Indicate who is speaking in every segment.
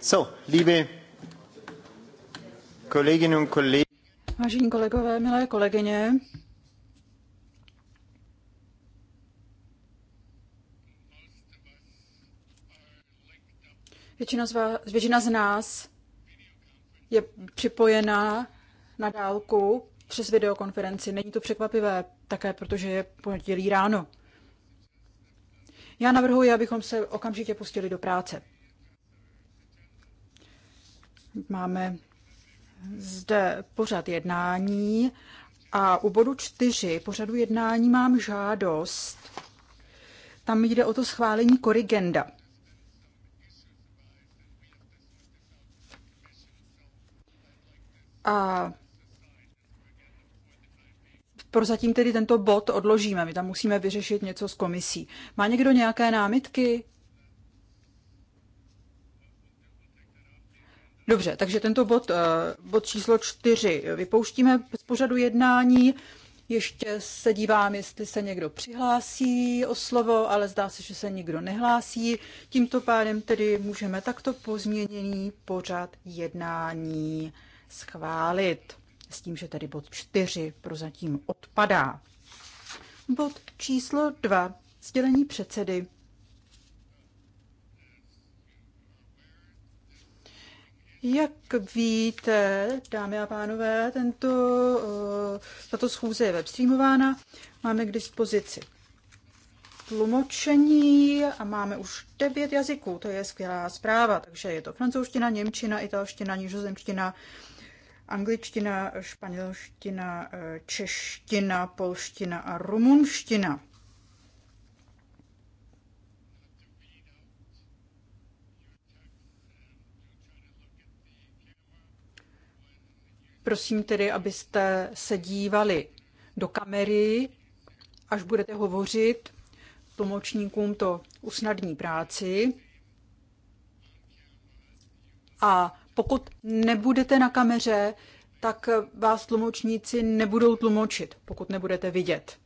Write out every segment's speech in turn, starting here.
Speaker 1: So, liebe Kolleginnen und Kollegen.
Speaker 2: Vážení kolegové, milé kolegyně. Většina z, vás, většina z nás je připojená na dálku přes videokonferenci. Není to překvapivé také, protože je pondělí ráno. Já navrhuji, abychom se okamžitě pustili do práce. Máme zde pořad jednání a u bodu čtyři pořadu jednání mám žádost. Tam jde o to schválení korigenda. A Prozatím tedy tento bod odložíme, my tam musíme vyřešit něco s komisí. Má někdo nějaké námitky? Dobře, takže tento bod, eh, bod číslo čtyři vypouštíme z pořadu jednání. Ještě se dívám, jestli se někdo přihlásí o slovo, ale zdá se, že se nikdo nehlásí. Tímto pádem tedy můžeme takto pozměněný pořad jednání schválit s tím, že tedy bod 4 prozatím odpadá. Bod číslo 2. Sdělení předsedy. Jak víte, dámy a pánové, tento, eh, tato schůze je webstreamována. Máme k dispozici tlumočení a máme už devět jazyků. To je skvělá zpráva. Takže je to francouzština, němčina, italština, nižozemština, angličtina, španělština, eh, čeština, polština a rumunština. Prosím tedy, abyste se dívali do kamery, až budete hovořit. Tlumočníkům to usnadní práci. A pokud nebudete na kameře, tak vás tlumočníci nebudou tlumočit, pokud nebudete vidět.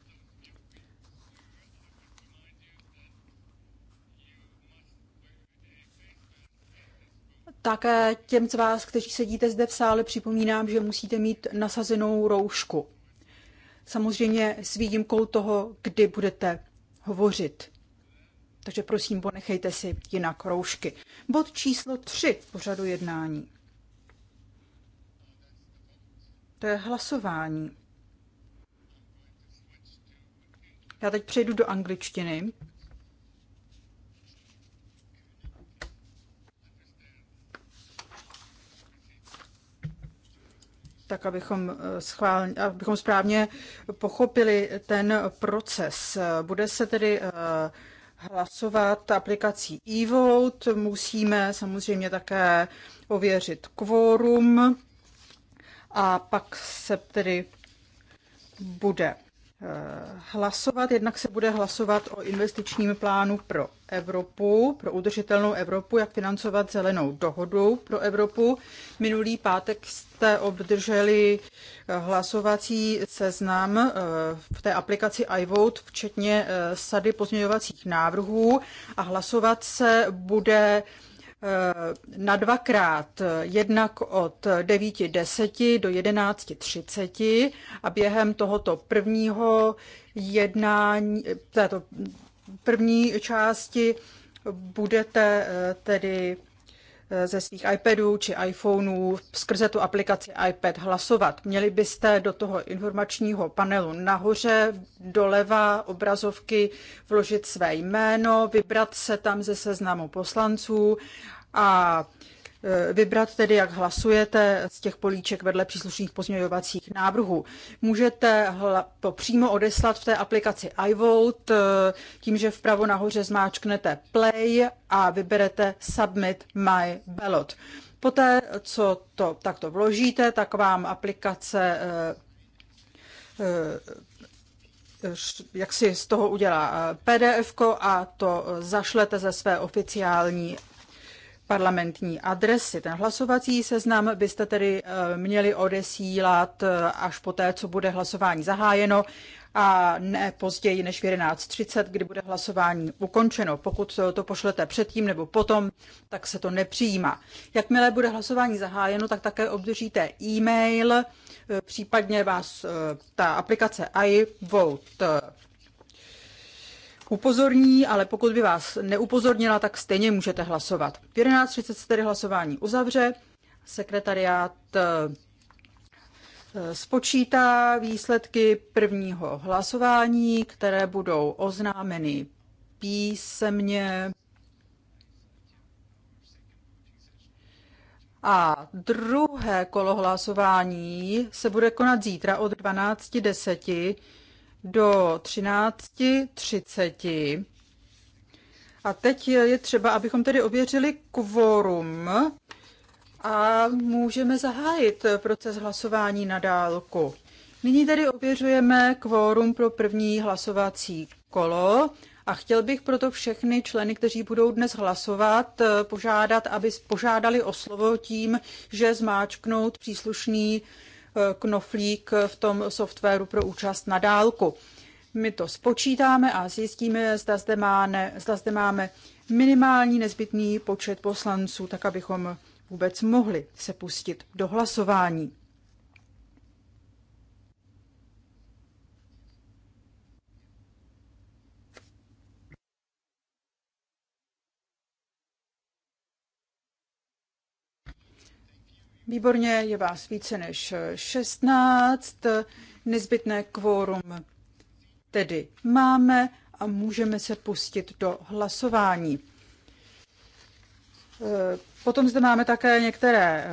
Speaker 2: Také těm z vás, kteří sedíte zde v sále, připomínám, že musíte mít nasazenou roušku. Samozřejmě s výjimkou toho, kdy budete hovořit. Takže prosím, ponechejte si jinak roušky. Bod číslo 3 pořadu jednání. To je hlasování. Já teď přejdu do angličtiny. tak abychom, eh, schvál, abychom správně pochopili ten proces. Bude se tedy eh, hlasovat aplikací e-vote. Musíme samozřejmě také ověřit kvórum a pak se tedy bude Eh, hlasovat. Jednak se bude hlasovat o investičním plánu pro Evropu, pro udržitelnou Evropu, jak financovat zelenou dohodu pro Evropu. Minulý pátek jste obdrželi eh, hlasovací seznam eh, v té aplikaci iVote, včetně sady pozměňovacích návrhů a hlasovat se bude Eh, na dvakrát, eh, jednak od 9.10 do 11.30 a během tohoto prvního jednání, eh, této první části budete tedy ze svých iPadů či iPhoneů skrze tu aplikaci iPad hlasovat. Měli byste do toho informačního panelu nahoře, doleva obrazovky vložit své jméno, vybrat se tam ze seznamu poslanců a e, vybrat tedy, jak hlasujete z těch políček vedle příslušných pozměňovacích návrhů. Můžete to přímo odeslat v té aplikaci iVote e, tím, že vpravo nahoře zmáčknete Play a vyberete Submit My Ballot. Poté, co to takto vložíte, tak vám aplikace e, jak si z toho udělá PDF a to zašlete ze své oficiální parlamentní adresy. Ten hlasovací seznam byste tedy eh, měli odesílat eh, až po té, co bude hlasování zahájeno a ne později než v 11.30, kdy bude hlasování ukončeno. Pokud eh, to pošlete předtím nebo potom, tak se to nepřijímá. Jakmile bude hlasování zahájeno, tak také obdržíte e-mail, případně vás ta aplikace iVote upozorní, ale pokud by vás neupozornila, tak stejně můžete hlasovat. V 11.30 se tedy hlasování uzavře. Sekretariát eh, eh, spočítá výsledky prvního hlasování, které budou oznámeny písemně. A druhé kolo hlasování se bude konat zítra od 12.10 do 13.30. A teď je třeba, abychom tedy ověřili kvorum a můžeme zahájit proces hlasování na dálku. Nyní tedy ověřujeme kvórum pro první hlasovací kolo a chtěl bych proto všechny členy, kteří budou dnes hlasovat, požádat, aby požádali o slovo tím, že zmáčknout příslušný Eh, knoflík v tom softwaru pro účast na dálku. My to spočítáme a zjistíme, zda zde, má zda zde máme minimální nezbytný počet poslanců, tak abychom vůbec mohli se pustit do hlasování. Výborně, je vás více než 16. Nezbytné kvórum tedy máme a můžeme se pustit do hlasování. Eh, potom zde máme také některé eh,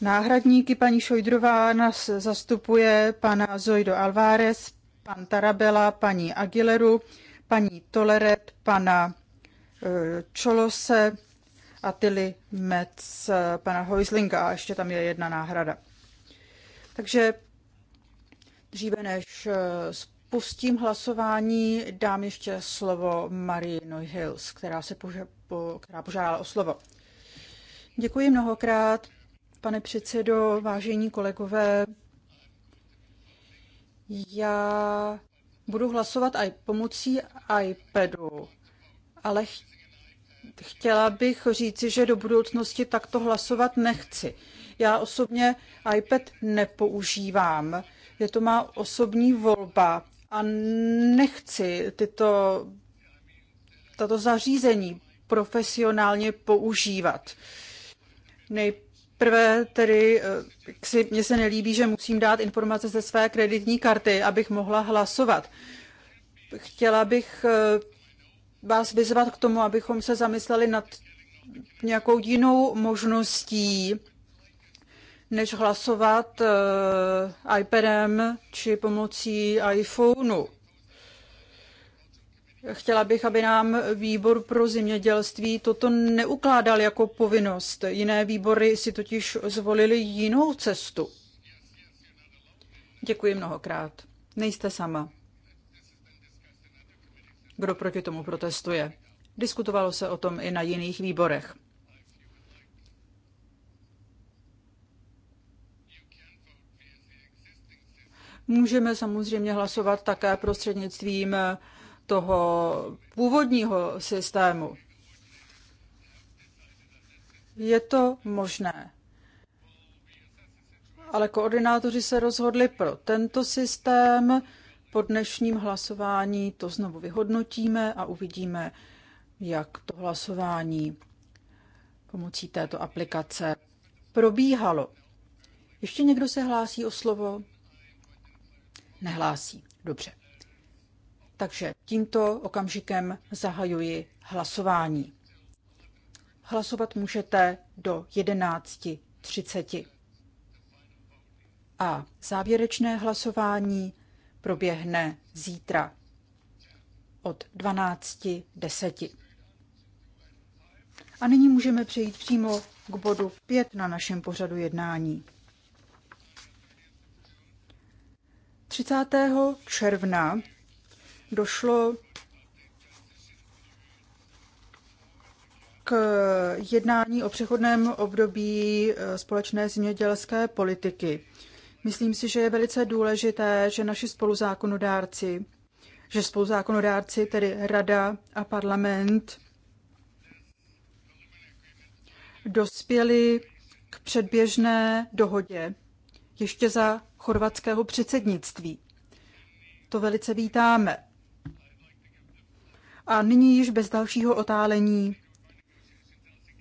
Speaker 2: náhradníky. Paní Šojdrová nás zastupuje pana Zoido Alvarez, pan Tarabela, paní Aguileru, paní Toleret, pana eh, Čolose, Atily Metz, eh, pana Hojzlinga a ještě tam je jedna náhrada. Takže dříve než eh, spustím hlasování, dám ještě slovo Marie Neuhils, která, se poža- po, která požádala o slovo. Děkuji mnohokrát, pane předsedo, vážení kolegové. Já budu hlasovat i pomocí iPadu, ale chtěla bych říci, že do budoucnosti takto hlasovat nechci. Já osobně iPad nepoužívám. Je to má osobní volba a nechci tyto, tato zařízení profesionálně používat. Nejprve tedy, eh, si, mně se nelíbí, že musím dát informace ze své kreditní karty, abych mohla hlasovat. Chtěla bych eh, vás vyzvat k tomu, abychom se zamysleli nad nějakou jinou možností, než hlasovat eh, iPadem či pomocí iPhoneu. Chtěla bych, aby nám výbor pro zemědělství toto neukládal jako povinnost. Jiné výbory si totiž zvolili jinou cestu. Děkuji mnohokrát. Nejste sama kdo proti tomu protestuje. Diskutovalo se o tom i na jiných výborech. Můžeme samozřejmě hlasovat také prostřednictvím toho původního systému. Je to možné. Ale koordinátoři se rozhodli pro tento systém po dnešním hlasování to znovu vyhodnotíme a uvidíme, jak to hlasování pomocí této aplikace probíhalo. Ještě někdo se hlásí o slovo? Nehlásí. Dobře. Takže tímto okamžikem zahajuji hlasování. Hlasovat můžete do 11.30. A závěrečné hlasování proběhne zítra od 12.10. A nyní můžeme přejít přímo k bodu 5 na našem pořadu jednání. 30. června došlo k jednání o přechodném období eh, společné zemědělské politiky. Myslím si, že je velice důležité, že naši spoluzákonodárci, že spoluzákonodárci, tedy Rada a parlament, dospěli k předběžné dohodě ještě za chorvatského předsednictví. To velice vítáme. A nyní již bez dalšího otálení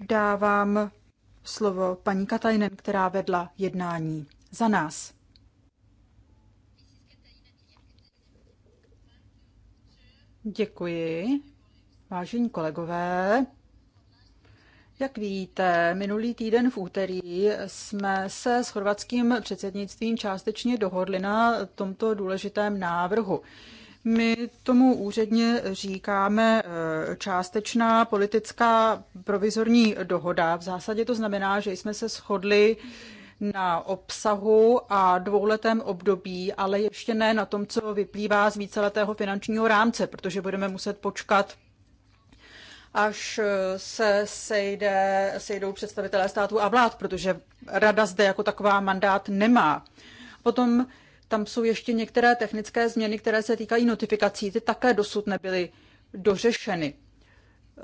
Speaker 2: dávám slovo paní Katajnen, která vedla jednání za nás. Děkuji. Vážení kolegové, jak víte, minulý týden v úterý jsme se s chorvatským předsednictvím částečně dohodli na tomto důležitém návrhu. My tomu úředně říkáme eh, částečná politická provizorní dohoda. V zásadě to znamená, že jsme se shodli, na obsahu a dvouletém období, ale ještě ne na tom, co vyplývá z víceletého finančního rámce, protože budeme muset počkat až eh, se sejde, sejdou představitelé států a vlád, protože rada zde jako taková mandát nemá. Potom tam jsou ještě některé technické změny, které se týkají notifikací. Ty také dosud nebyly dořešeny.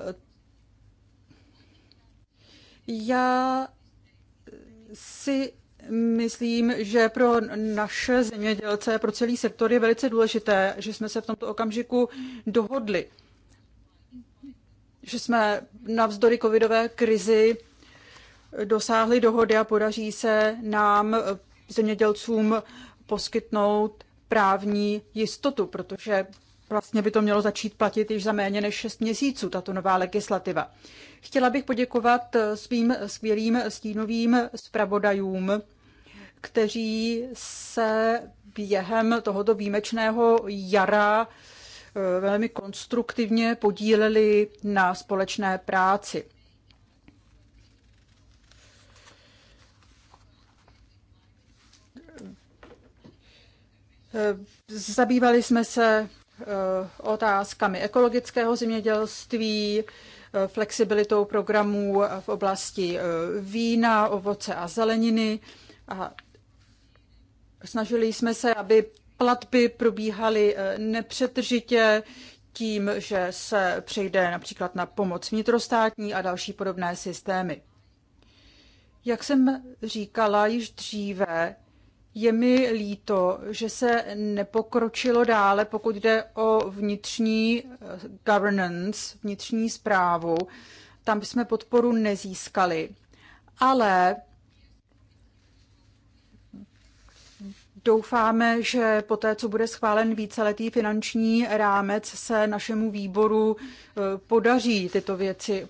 Speaker 2: Eh, Já si myslím, že pro naše zemědělce, pro celý sektor je velice důležité, že jsme se v tomto okamžiku dohodli, že jsme navzdory covidové krizi dosáhli dohody a podaří se nám zemědělcům poskytnout právní jistotu, protože Vlastně by to mělo začít platit již za méně než 6 měsíců, tato nová legislativa. Chtěla bych poděkovat eh, svým skvělým stínovým zpravodajům, kteří se během tohoto výjimečného jara eh, velmi konstruktivně podíleli na společné práci. Eh, zabývali jsme se Eh, otázkami ekologického zemědělství, eh, flexibilitou programů v oblasti eh, vína, ovoce a zeleniny. A snažili jsme se, aby platby probíhaly nepřetržitě tím, že se přejde například na pomoc vnitrostátní a další podobné systémy. Jak jsem říkala již dříve, je mi líto, že se nepokročilo dále, pokud jde o vnitřní eh, governance, vnitřní zprávu. Tam jsme podporu nezískali. Ale Doufáme, že po té, co bude schválen víceletý finanční rámec, se našemu výboru eh, podaří tyto věci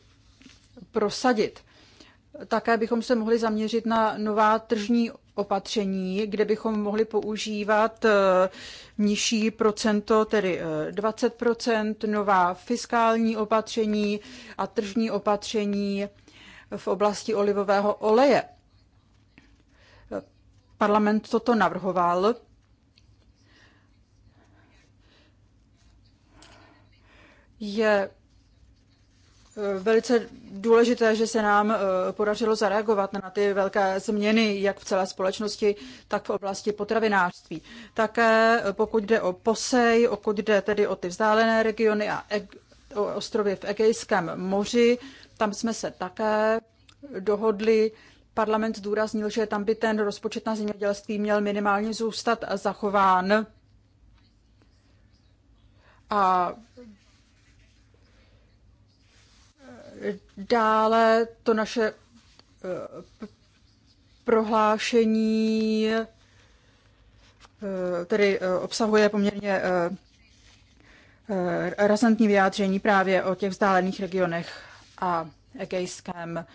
Speaker 2: prosadit. Také bychom se mohli zaměřit na nová tržní opatření, kde bychom mohli používat eh, nižší procento, tedy 20 eh, nová fiskální opatření a tržní opatření v oblasti olivového oleje. Parlament toto navrhoval. Je velice důležité, že se nám eh, podařilo zareagovat na ty velké změny, jak v celé společnosti, tak v oblasti potravinářství. Také eh, pokud jde o posej, pokud jde tedy o ty vzdálené regiony a o ostrovy v Egejském moři, tam jsme se také dohodli. Parlament zdůraznil, že tam by ten rozpočet na zemědělství měl minimálně zůstat zachován. A Dále to naše eh, prohlášení eh, tedy eh, obsahuje poměrně razantní vyjádření právě o těch vzdálených regionech a Egejském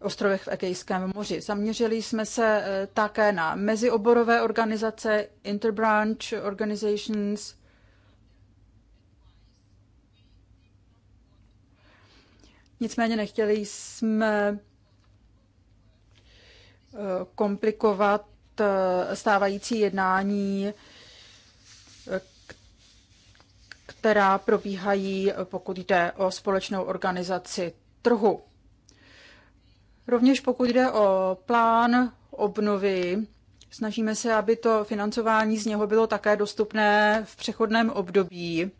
Speaker 2: ostrovech v Egejském moři. Zaměřili jsme se také na mezioborové organizace, interbranch organizations, Nicméně nechtěli jsme eh, komplikovat eh, stávající jednání, eh, která probíhají, pokud jde o společnou organizaci trhu. Rovněž pokud jde o plán obnovy, snažíme se, aby to financování z něho bylo také dostupné v přechodném období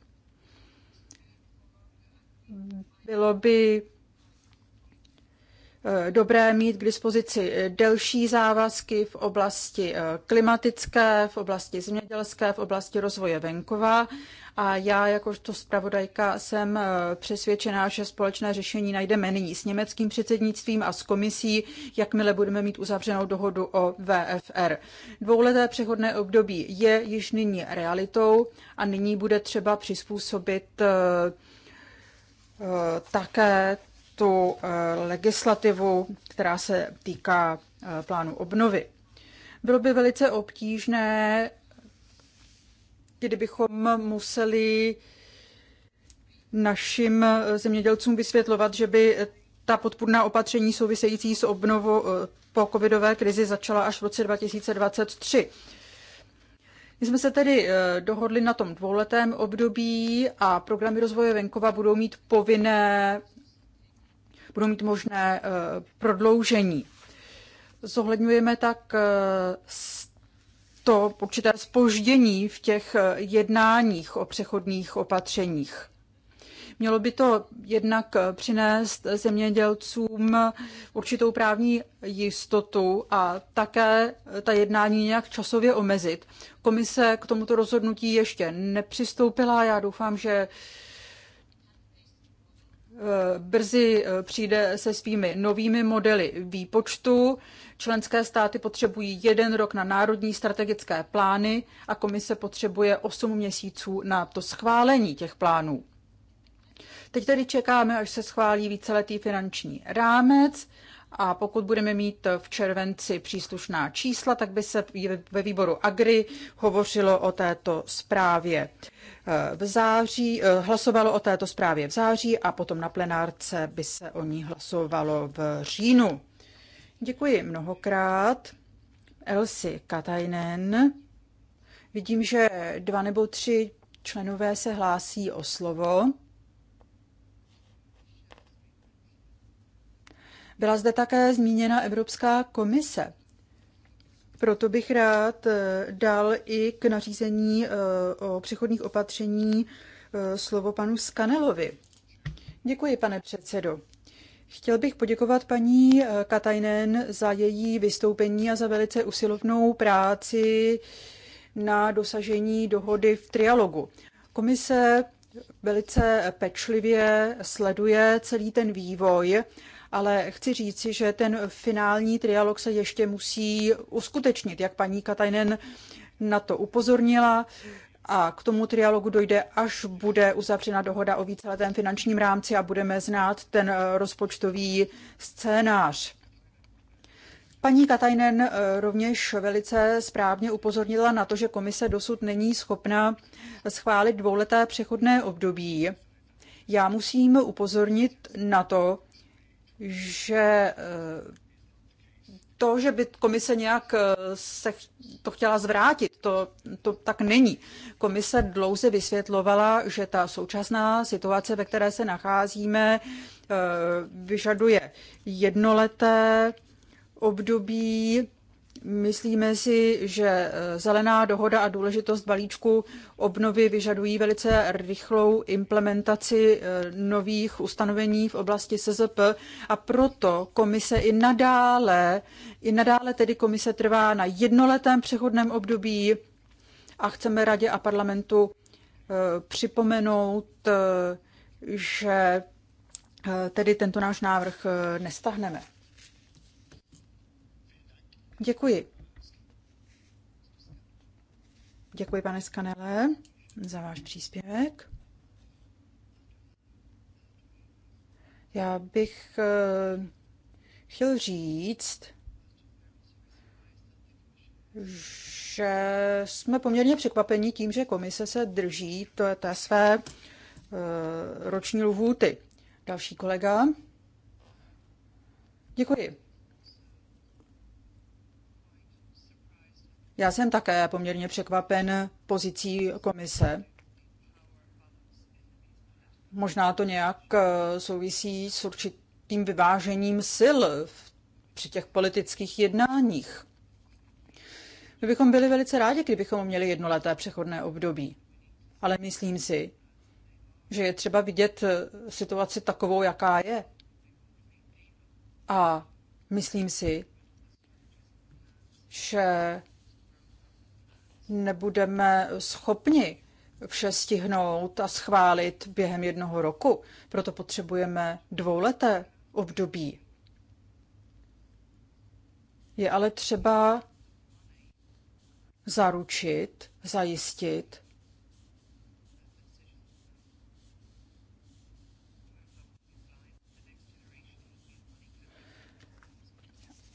Speaker 2: bylo by eh, dobré mít k dispozici eh, delší závazky v oblasti eh, klimatické, v oblasti zemědělské, v oblasti rozvoje venkova. A já jakožto zpravodajka jsem přesvědčená, že společné řešení najdeme nyní s německým předsednictvím a s komisí, jakmile budeme mít uzavřenou dohodu o VFR. Dvouleté přechodné období je již nyní realitou a nyní bude třeba přizpůsobit Eh, také tu eh, legislativu, která se týká eh, plánu obnovy. Bylo by velice obtížné, kdybychom museli našim zemědělcům vysvětlovat, že by ta podpůrná opatření související s obnovou po covidové krizi začala až v roce 2023. My jsme se tedy eh, dohodli na tom dvouletém období a programy rozvoje venkova budou mít povinné, budou mít možné eh, prodloužení. Zohledňujeme tak eh, to určité spoždění v těch jednáních o přechodných opatřeních. Mělo by to jednak eh, přinést zemědělcům určitou právní jistotu a také eh, ta jednání nějak časově omezit. Komise k tomuto rozhodnutí ještě nepřistoupila. Já doufám, že eh, brzy přijde se svými novými modely výpočtu. Členské státy potřebují jeden rok na národní strategické plány a komise potřebuje 8 měsíců na to schválení těch plánů. Teď tedy čekáme, až se schválí víceletý finanční rámec a pokud budeme mít v červenci příslušná čísla, tak by se ve výboru Agri hovořilo o této zprávě eh, v září, eh, hlasovalo o této zprávě v září a potom na plenárce by se o ní hlasovalo v říjnu. Děkuji mnohokrát. Elsi Katajnen. Vidím, že dva nebo tři členové se hlásí o slovo. Byla zde také zmíněna Evropská komise. Proto bych rád eh, dal i k nařízení eh, o přechodných opatření eh, slovo panu Skanelovi. Děkuji, pane předsedo. Chtěl bych poděkovat paní Katajnen za její vystoupení a za velice usilovnou práci na dosažení dohody v trialogu. Komise velice pečlivě sleduje celý ten vývoj ale chci říci, že ten finální trialog se ještě musí uskutečnit, jak paní Katajnen na to upozornila. A k tomu trialogu dojde, až bude uzavřena dohoda o víceletém finančním rámci a budeme znát ten eh, rozpočtový scénář. Paní Katajnen eh, rovněž velice správně upozornila na to, že komise dosud není schopna schválit dvouleté přechodné období. Já musím upozornit na to, že eh, to, že by komise nějak eh, se to chtěla zvrátit, to, to tak není. Komise dlouze vysvětlovala, že ta současná situace, ve které se nacházíme, eh, vyžaduje jednoleté období Myslíme si, že eh, zelená dohoda a důležitost balíčku obnovy vyžadují velice rychlou implementaci eh, nových ustanovení v oblasti SZP a proto komise i nadále, i nadále tedy komise trvá na jednoletém přechodném období a chceme radě a parlamentu eh, připomenout, že tedy tento náš návrh nestahneme. Děkuji. Děkuji, pane Skanele, za váš příspěvek. Já bych eh, chtěl říct, že jsme poměrně překvapeni tím, že komise se drží té, té své eh, roční lhůty. Další kolega. Děkuji. Já jsem také poměrně překvapen pozicí komise. Možná to nějak eh, souvisí s určitým vyvážením sil při těch politických jednáních. My bychom byli velice rádi, kdybychom měli jednoleté přechodné období. Ale myslím si, že je třeba vidět eh, situaci takovou, jaká je. A myslím si, že nebudeme schopni vše stihnout a schválit během jednoho roku. Proto potřebujeme dvouleté období. Je ale třeba zaručit, zajistit,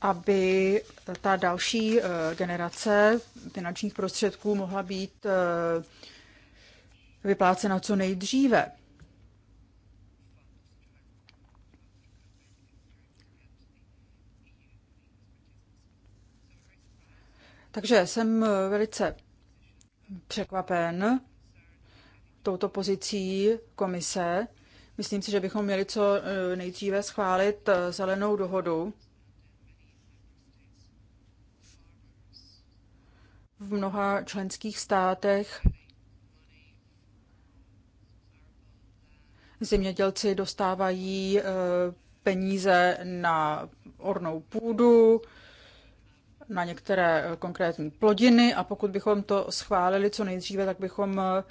Speaker 2: aby ta další eh, generace finančních prostředků mohla být eh, vyplácena co nejdříve. Takže jsem eh, velice překvapen touto pozicí komise. Myslím si, že bychom měli co nejdříve schválit zelenou dohodu, v mnoha členských státech zemědělci dostávají eh, peníze na ornou půdu, na některé eh, konkrétní plodiny a pokud bychom to schválili co nejdříve, tak bychom eh,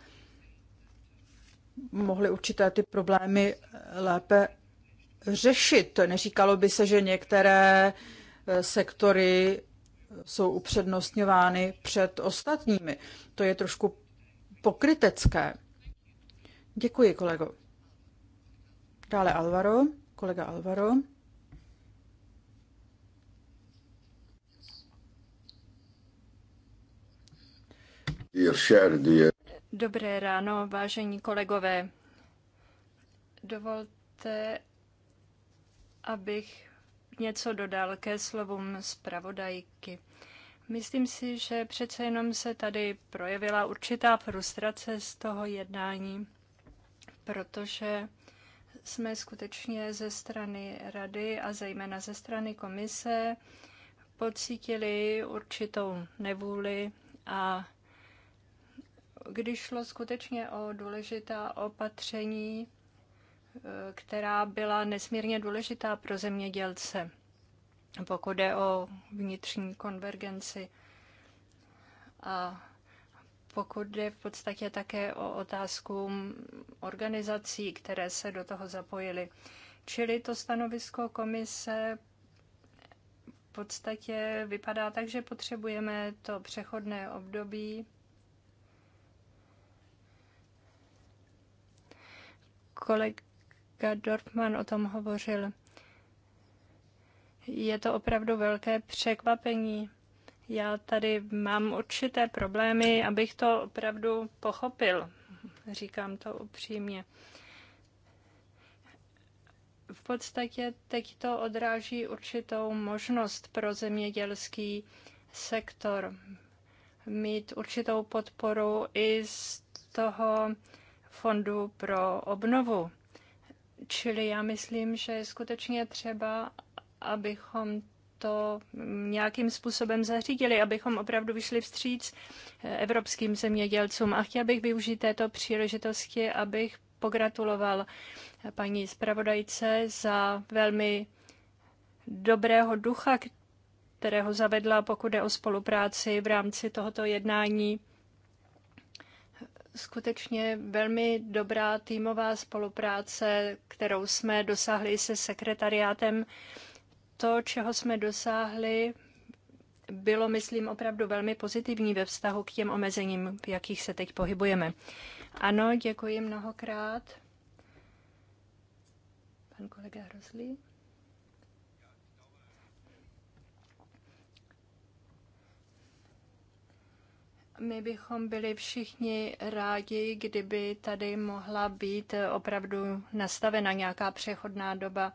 Speaker 2: mohli určité ty problémy lépe řešit. Neříkalo by se, že některé sektory jsou upřednostňovány před ostatními. To je trošku pokrytecké. Děkuji, kolego. Dále Alvaro, kolega Alvaro.
Speaker 3: Dobré ráno, vážení kolegové. Dovolte, abych něco dodal ke slovům zpravodajky. Myslím si, že přece jenom se tady projevila určitá frustrace z toho jednání, protože jsme skutečně ze strany rady a zejména ze strany komise pocítili určitou nevůli a když šlo skutečně o důležitá opatření, která byla nesmírně důležitá pro zemědělce, pokud jde o vnitřní konvergenci. A pokud jde v podstatě také o otázku organizací, které se do toho zapojily. Čili to stanovisko komise v podstatě vypadá tak, že potřebujeme to přechodné období. Koleg Edgar Dorfman o tom hovořil. Je to opravdu velké překvapení. Já tady mám určité problémy, abych to opravdu pochopil. Říkám to upřímně. V podstatě teď to odráží určitou možnost pro zemědělský sektor mít určitou podporu i z toho fondu pro obnovu. Čili já myslím, že je skutečně třeba, abychom to nějakým způsobem zařídili, abychom opravdu vyšli vstříc eh, evropským zemědělcům. A chtěl bych využít této příležitosti, abych pogratuloval eh, paní zpravodajce za velmi dobrého ducha, kterého zavedla, pokud jde o spolupráci v rámci tohoto jednání skutečně velmi dobrá týmová spolupráce, kterou jsme dosáhli se sekretariátem. To, čeho jsme dosáhli, bylo, myslím, opravdu velmi pozitivní ve vztahu k těm omezením, v jakých se teď pohybujeme. Ano, děkuji mnohokrát. Pan kolega Hrozlý. my bychom byli všichni rádi, kdyby tady mohla být opravdu nastavena nějaká přechodná doba.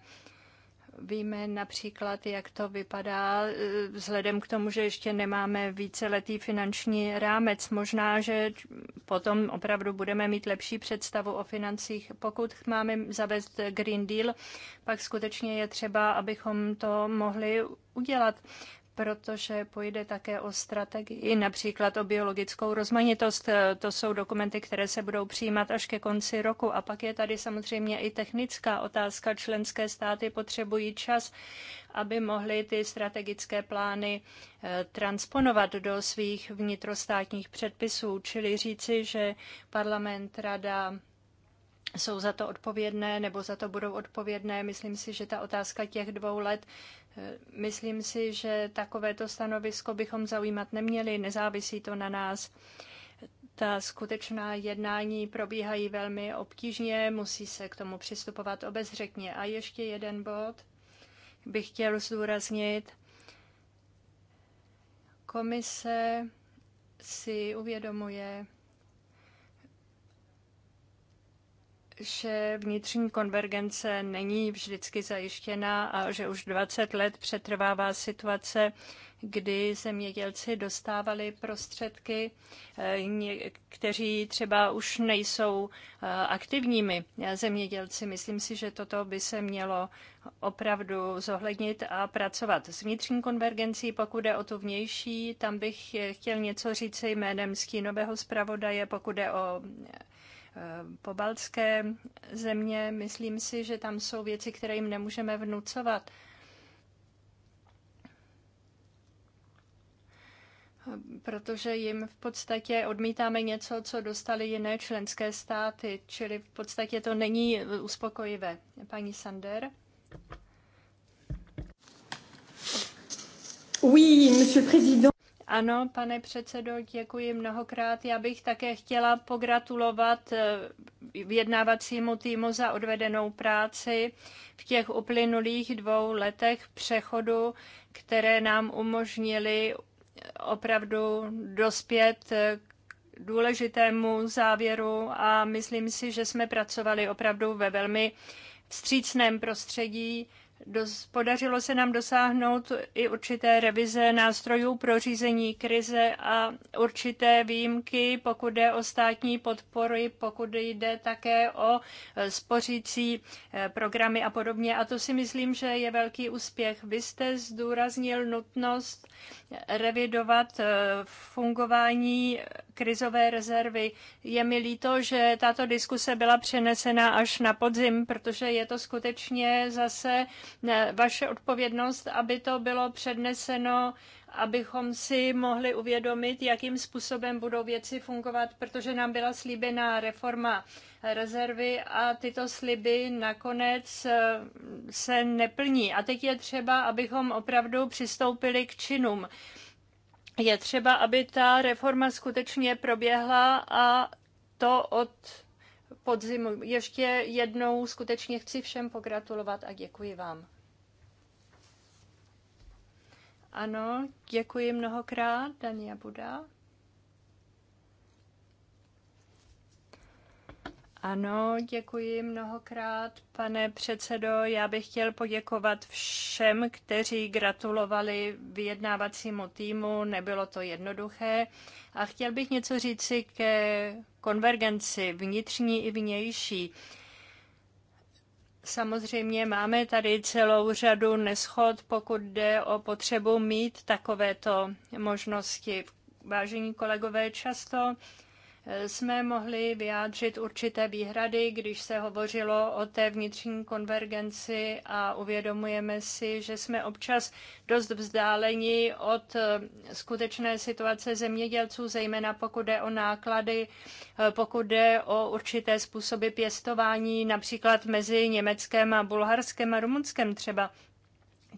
Speaker 3: Víme například, jak to vypadá, eh, vzhledem k tomu, že ještě nemáme víceletý finanční rámec. Možná, že potom opravdu budeme mít lepší představu o financích. Pokud máme zavést Green Deal, pak skutečně je třeba, abychom to mohli udělat protože půjde také o strategii, například o biologickou rozmanitost. To jsou dokumenty, které se budou přijímat až ke konci roku. A pak je tady samozřejmě i technická otázka. Členské státy potřebují čas, aby mohly ty strategické plány eh, transponovat do svých vnitrostátních předpisů, čili říci, že parlament, rada, jsou za to odpovědné nebo za to budou odpovědné. Myslím si, že ta otázka těch dvou let Myslím si, že takovéto stanovisko bychom zaujímat neměli, nezávisí to na nás. Ta skutečná jednání probíhají velmi obtížně, musí se k tomu přistupovat obezřetně. A ještě jeden bod bych chtěl zdůraznit. Komise si uvědomuje, že vnitřní konvergence není vždycky zajištěna a že už 20 let přetrvává situace, kdy zemědělci dostávali prostředky, eh, kteří třeba už nejsou eh, aktivními zemědělci. Myslím si, že toto by se mělo opravdu zohlednit a pracovat s vnitřní konvergencí. Pokud jde o tu vnější, tam bych chtěl něco říct jménem stínového zpravodaje, pokud jde o Eh, pobaltské země. Myslím si, že tam jsou věci, které jim nemůžeme vnucovat. Eh, protože jim v podstatě odmítáme něco, co dostali jiné členské státy, čili v podstatě to není eh, uspokojivé. Paní Sander. Oui, monsieur président. Ano, pane předsedo, děkuji mnohokrát. Já bych také chtěla pogratulovat eh, vyjednávacímu týmu za odvedenou práci v těch uplynulých dvou letech přechodu, které nám umožnili opravdu dospět eh, k důležitému závěru a myslím si, že jsme pracovali opravdu ve velmi vstřícném prostředí Dos, podařilo se nám dosáhnout i určité revize nástrojů pro řízení krize a určité výjimky, pokud jde o státní podpory, pokud jde také o e, spořící e, programy a podobně. A to si myslím, že je velký úspěch. Vy jste zdůraznil nutnost revidovat e, fungování krizové rezervy. Je mi líto, že tato diskuse byla přenesena až na podzim, protože je to skutečně zase vaše odpovědnost, aby to bylo předneseno, abychom si mohli uvědomit, jakým způsobem budou věci fungovat, protože nám byla slíbená reforma rezervy a tyto sliby nakonec eh, se neplní. A teď je třeba, abychom opravdu přistoupili k činům. Je třeba, aby ta reforma skutečně proběhla a to od podzimu. Ještě jednou skutečně chci všem pogratulovat a děkuji vám. Ano, děkuji mnohokrát, Dania Buda. Ano, děkuji mnohokrát, pane předsedo. Já bych chtěl poděkovat všem, kteří gratulovali vyjednávacímu týmu. Nebylo to jednoduché. A chtěl bych něco říci ke konvergenci vnitřní i vnější. Samozřejmě máme tady celou řadu neschod, pokud jde o potřebu mít takovéto možnosti. Vážení kolegové, často jsme mohli vyjádřit určité výhrady, když se hovořilo o té vnitřní konvergenci a uvědomujeme si, že jsme občas dost vzdáleni od eh, skutečné situace zemědělců, zejména pokud jde o náklady, eh, pokud jde o určité způsoby pěstování, například mezi Německém a Bulharském a Rumunském třeba.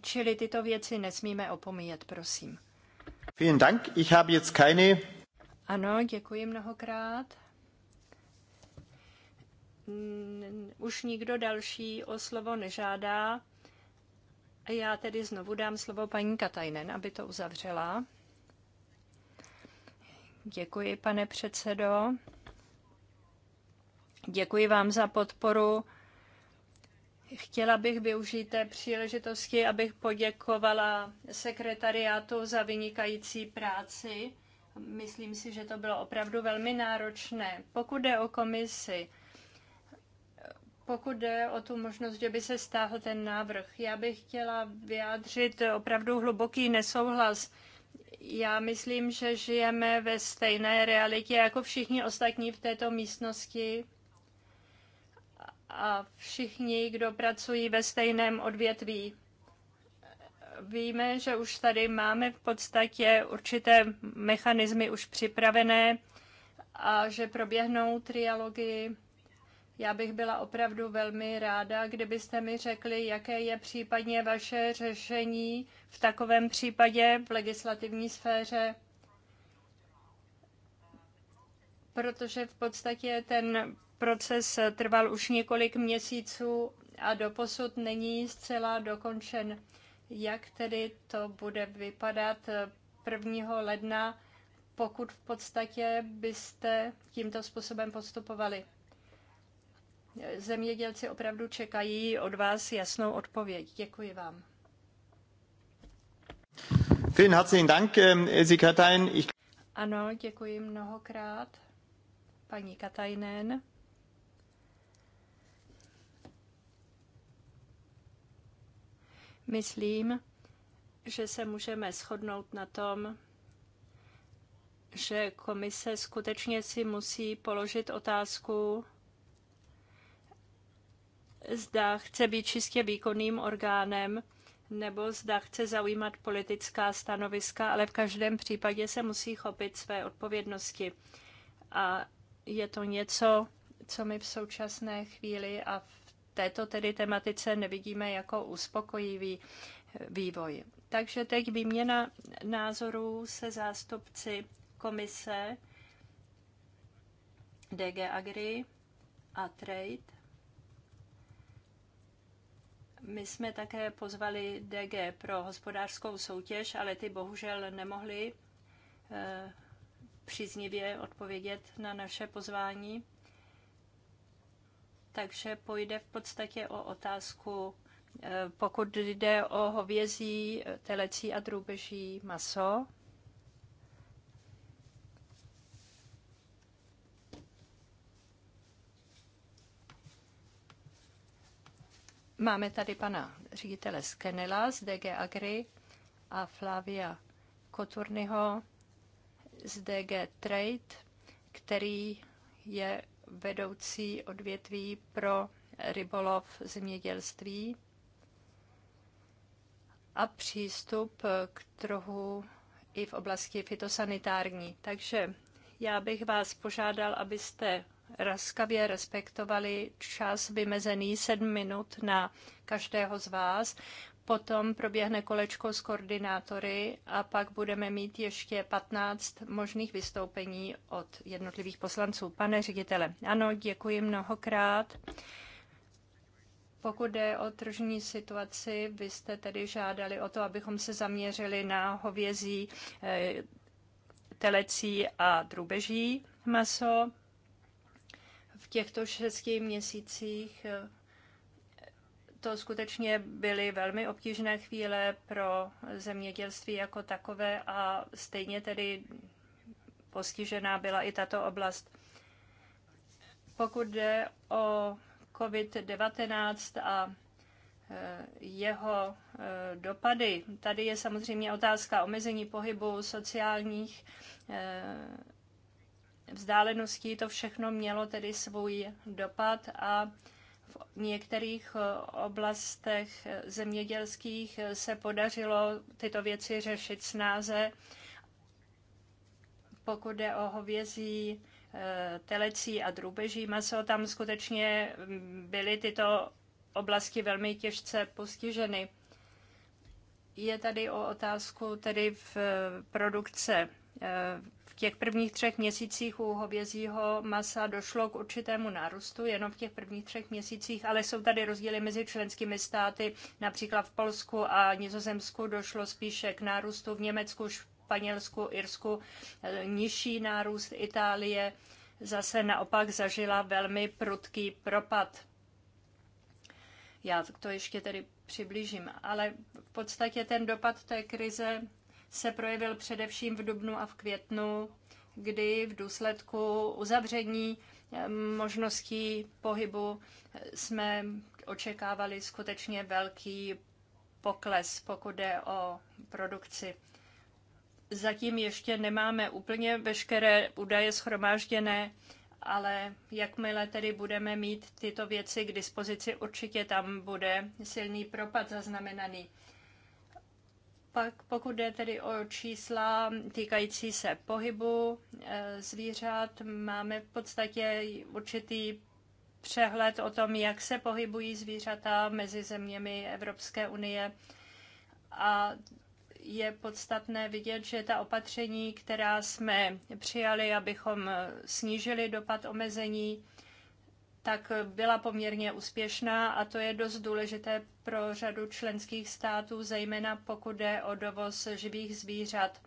Speaker 3: Čili tyto věci nesmíme opomíjet, prosím.
Speaker 1: Vielen Dank. Ich habe jetzt keine
Speaker 3: ano, děkuji mnohokrát. Už nikdo další o slovo nežádá. Já tedy znovu dám slovo paní Katajnen, aby to uzavřela. Děkuji, pane předsedo. Děkuji vám za podporu. Chtěla bych využít té příležitosti, abych poděkovala sekretariátu za vynikající práci. Myslím si, že to bylo opravdu velmi náročné. Pokud jde o komisi, pokud jde o tu možnost, že by se stáhl ten návrh, já bych chtěla vyjádřit opravdu hluboký nesouhlas. Já myslím, že žijeme ve stejné realitě jako všichni ostatní v této místnosti a všichni, kdo pracují ve stejném odvětví víme, že už tady máme v podstatě určité mechanismy už připravené a že proběhnou trialogy. Já bych byla opravdu velmi ráda, kdybyste mi řekli, jaké je případně vaše řešení v takovém případě v legislativní sféře, protože v podstatě ten proces trval už několik měsíců a doposud není zcela dokončen jak tedy to bude vypadat 1. ledna, pokud v podstatě byste tímto způsobem postupovali. Zemědělci opravdu čekají od vás jasnou odpověď. Děkuji vám.
Speaker 1: Vielen herzlichen Dank, ähm, Elsie Katain.
Speaker 3: Ano, děkuji mnohokrát, paní Katajnen. Myslím, že se můžeme shodnout na tom, že komise skutečně si musí položit otázku, zda chce být čistě výkonným orgánem, nebo zda chce zaujímat politická stanoviska, ale v každém případě se musí chopit své odpovědnosti. A je to něco, co my v současné chvíli a v této tedy tematice nevidíme jako uspokojivý eh, vývoj. Takže teď výměna názorů se zástupci komise DG Agri a Trade. My jsme také pozvali DG pro hospodářskou soutěž, ale ty bohužel nemohli eh, příznivě odpovědět na naše pozvání takže pojde v podstatě o otázku, eh, pokud jde o hovězí, eh, telecí a drůbeží maso. Máme tady pana ředitele Skenela z DG Agri a Flavia Koturnyho z DG Trade, který je vedoucí odvětví pro rybolov zemědělství a přístup k trhu i v oblasti fitosanitární. Takže já bych vás požádal, abyste raskavě respektovali čas vymezený 7 minut na každého z vás, Potom proběhne kolečko s koordinátory a pak budeme mít ještě 15 možných vystoupení od jednotlivých poslanců. Pane ředitele, ano, děkuji mnohokrát. Pokud jde o tržní situaci, vy jste tedy žádali o to, abychom se zaměřili na hovězí, eh, telecí a drubeží maso. V těchto šesti měsících eh, to skutečně byly velmi obtížné chvíle pro zemědělství jako takové a stejně tedy postižená byla i tato oblast. Pokud jde o COVID-19 a e, jeho e, dopady. Tady je samozřejmě otázka omezení pohybu, sociálních e, vzdáleností. To všechno mělo tedy svůj dopad a některých eh, oblastech eh, zemědělských eh, se podařilo tyto věci řešit snáze. Pokud jde o hovězí, telecí a drůbeží maso, tam skutečně mm, byly tyto oblasti velmi těžce postiženy. Je tady o otázku tedy v produkce těch prvních třech měsících u hovězího masa došlo k určitému nárůstu, jenom v těch prvních třech měsících, ale jsou tady rozdíly mezi členskými státy. Například v Polsku a Nizozemsku došlo spíše k nárůstu v Německu, Španělsku, Irsku, eh, nižší nárůst Itálie zase naopak zažila velmi prudký propad. Já to ještě tedy přiblížím, ale v podstatě ten dopad té krize se projevil především v dubnu a v květnu, kdy v důsledku uzavření eh, možností pohybu eh, jsme očekávali skutečně velký pokles, pokud jde o produkci. Zatím ještě nemáme úplně veškeré údaje schromážděné, ale jakmile tedy budeme mít tyto věci k dispozici, určitě tam bude silný propad zaznamenaný. Pak pokud jde tedy o čísla týkající se pohybu eh, zvířat, máme v podstatě určitý přehled o tom, jak se pohybují zvířata mezi zeměmi Evropské unie. A je podstatné vidět, že ta opatření, která jsme přijali, abychom eh, snížili dopad omezení, tak byla poměrně úspěšná a to je dost důležité pro řadu členských států, zejména pokud jde o dovoz živých zvířat.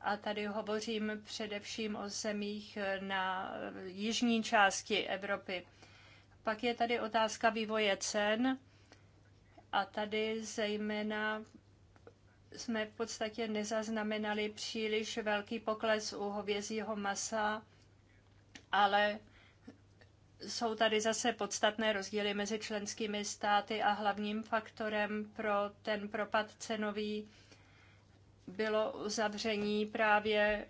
Speaker 3: A tady hovořím především o zemích na jižní části Evropy. Pak je tady otázka vývoje cen a tady zejména jsme v podstatě nezaznamenali příliš velký pokles u hovězího masa, ale jsou tady zase podstatné rozdíly mezi členskými státy a hlavním faktorem pro ten propad cenový bylo uzavření právě e,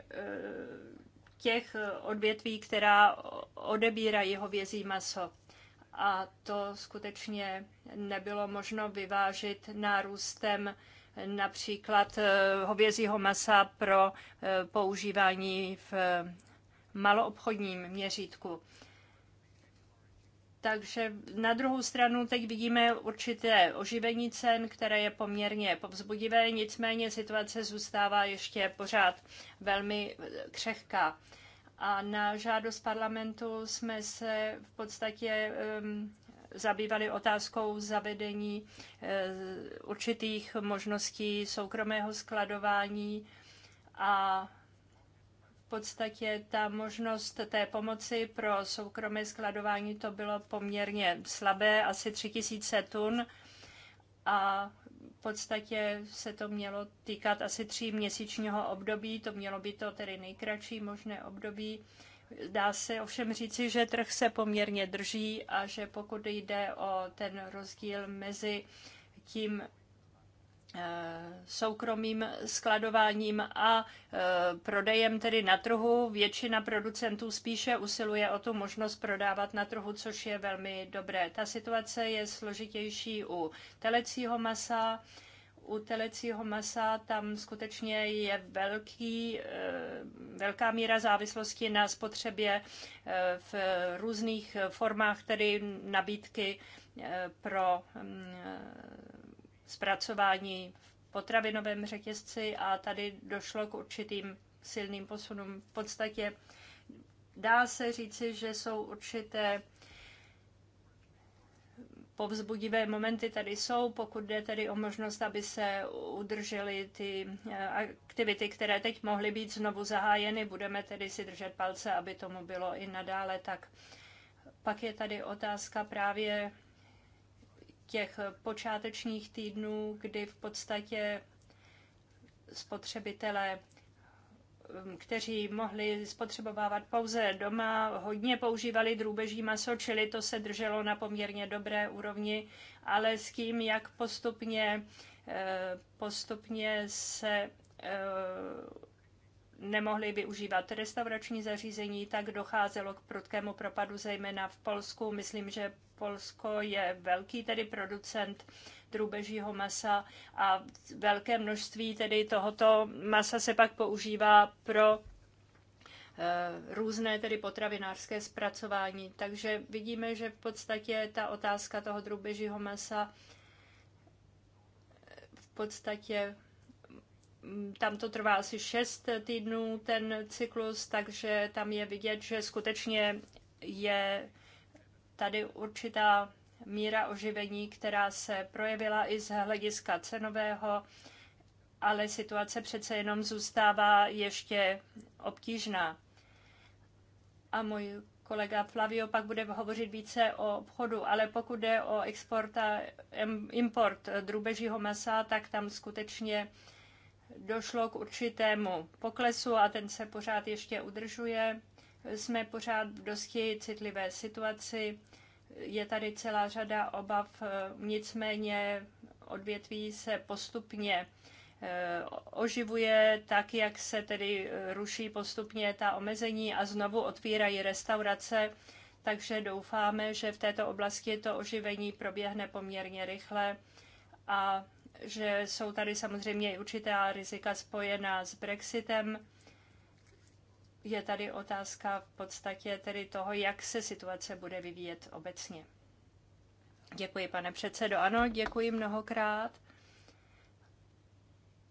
Speaker 3: těch odvětví, která odebírají hovězí maso. A to skutečně nebylo možno vyvážit nárůstem například e, hovězího masa pro e, používání v maloobchodním měřítku. Takže na druhou stranu teď vidíme určité oživení cen, které je poměrně povzbudivé, nicméně situace zůstává ještě pořád velmi eh, křehká. A na žádost parlamentu jsme se v podstatě um, zabývali otázkou zavedení eh, určitých možností soukromého skladování a podstatě ta možnost té pomoci pro soukromé skladování to bylo poměrně slabé, asi 3000 tun a v podstatě se to mělo týkat asi tří měsíčního období, to mělo by to tedy nejkratší možné období. Dá se ovšem říci, že trh se poměrně drží a že pokud jde o ten rozdíl mezi tím Eh, soukromým skladováním a eh, prodejem tedy na trhu. Většina producentů spíše usiluje o tu možnost prodávat na trhu, což je velmi dobré. Ta situace je složitější u telecího masa. U telecího masa tam skutečně je velký, eh, velká míra závislosti na spotřebě v různých formách tedy nabídky pro mm, zpracování v potravinovém řetězci a tady došlo k určitým silným posunům. V podstatě dá se říci, že jsou určité povzbudivé momenty tady jsou, pokud jde tedy o možnost, aby se udržely ty eh, aktivity, které teď mohly být znovu zahájeny. Budeme tedy si držet palce, aby tomu bylo i nadále tak. Pak je tady otázka právě těch počátečních týdnů, kdy v podstatě spotřebitelé, mm, kteří mohli spotřebovávat pouze doma, hodně používali drůbeží maso, čili to se drželo na poměrně dobré úrovni, ale s tím, jak postupně, eh, postupně se eh, nemohli využívat restaurační zařízení, tak docházelo k prudkému propadu, zejména v Polsku. Myslím, že Polsko je velký tedy producent drůbežího masa a velké množství tedy tohoto masa se pak používá pro eh, různé tedy potravinářské zpracování. Takže vidíme, že v podstatě ta otázka toho drůbežího masa v podstatě Mm, tam to trvá asi 6 týdnů ten cyklus, takže tam je vidět, že skutečně je tady určitá míra oživení, která se projevila i z hlediska cenového, ale situace přece jenom zůstává ještě obtížná. A můj kolega Flavio pak bude hovořit více o obchodu, ale pokud jde o export a import drůbežího masa, tak tam skutečně došlo k určitému poklesu a ten se pořád ještě udržuje. Jsme pořád v dosti citlivé situaci. Je tady celá řada obav, eh, nicméně odvětví se postupně eh, oživuje, tak jak se tedy eh, ruší postupně ta omezení a znovu otvírají restaurace. Takže doufáme, že v této oblasti to oživení proběhne poměrně rychle a že jsou tady samozřejmě i určitá rizika spojená s Brexitem. Je tady otázka v podstatě tedy toho, jak se situace bude vyvíjet obecně. Děkuji, pane předsedo. Ano, děkuji mnohokrát.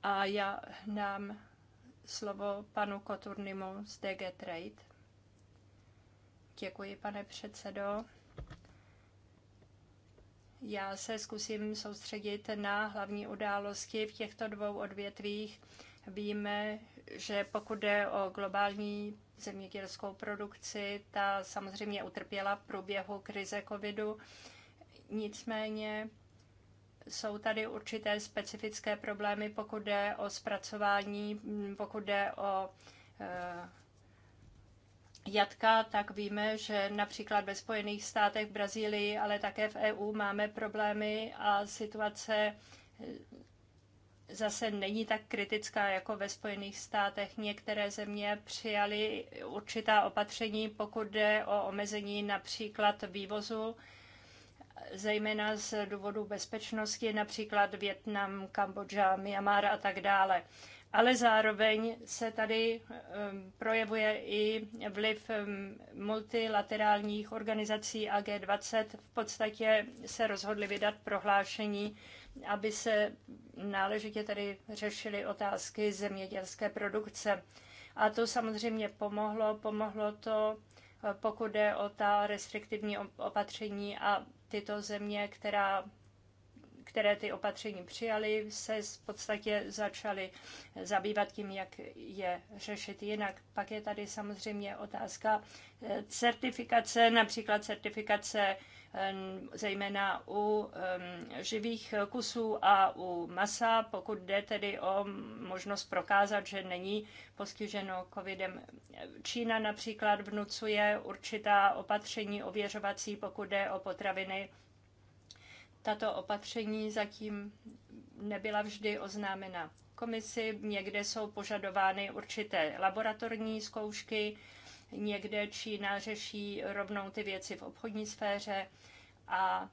Speaker 3: A já dám slovo panu Koturnimu z DG Trade. Děkuji, pane předsedo. Já se zkusím soustředit na hlavní události v těchto dvou odvětvích. Víme, že pokud jde o globální zemědělskou produkci, ta samozřejmě utrpěla v průběhu krize covidu. Nicméně jsou tady určité specifické problémy, pokud jde o zpracování, pokud jde o eh, jatka, tak víme, že například ve Spojených státech, v Brazílii, ale také v EU máme problémy a situace eh, zase není tak kritická jako ve Spojených státech. Některé země přijaly určitá opatření, pokud jde o omezení například vývozu, zejména z důvodu bezpečnosti, například Větnam, Kambodža, Myanmar a tak dále ale zároveň se tady um, projevuje i vliv um, multilaterálních organizací AG20. V podstatě se rozhodli vydat prohlášení, aby se náležitě tady řešily otázky zemědělské produkce. A to samozřejmě pomohlo. Pomohlo to, uh, pokud jde o ta restriktivní opatření a tyto země, která které ty opatření přijaly, se v podstatě začaly zabývat tím, jak je řešit jinak. Pak je tady samozřejmě otázka eh, certifikace, například certifikace eh, zejména u eh, živých kusů a u masa, pokud jde tedy o možnost prokázat, že není postiženo covidem. Čína například vnucuje určitá opatření ověřovací, pokud jde o potraviny tato opatření zatím nebyla vždy oznámena komisi, někde jsou požadovány určité laboratorní zkoušky, někde Čína řeší rovnou ty věci v obchodní sféře a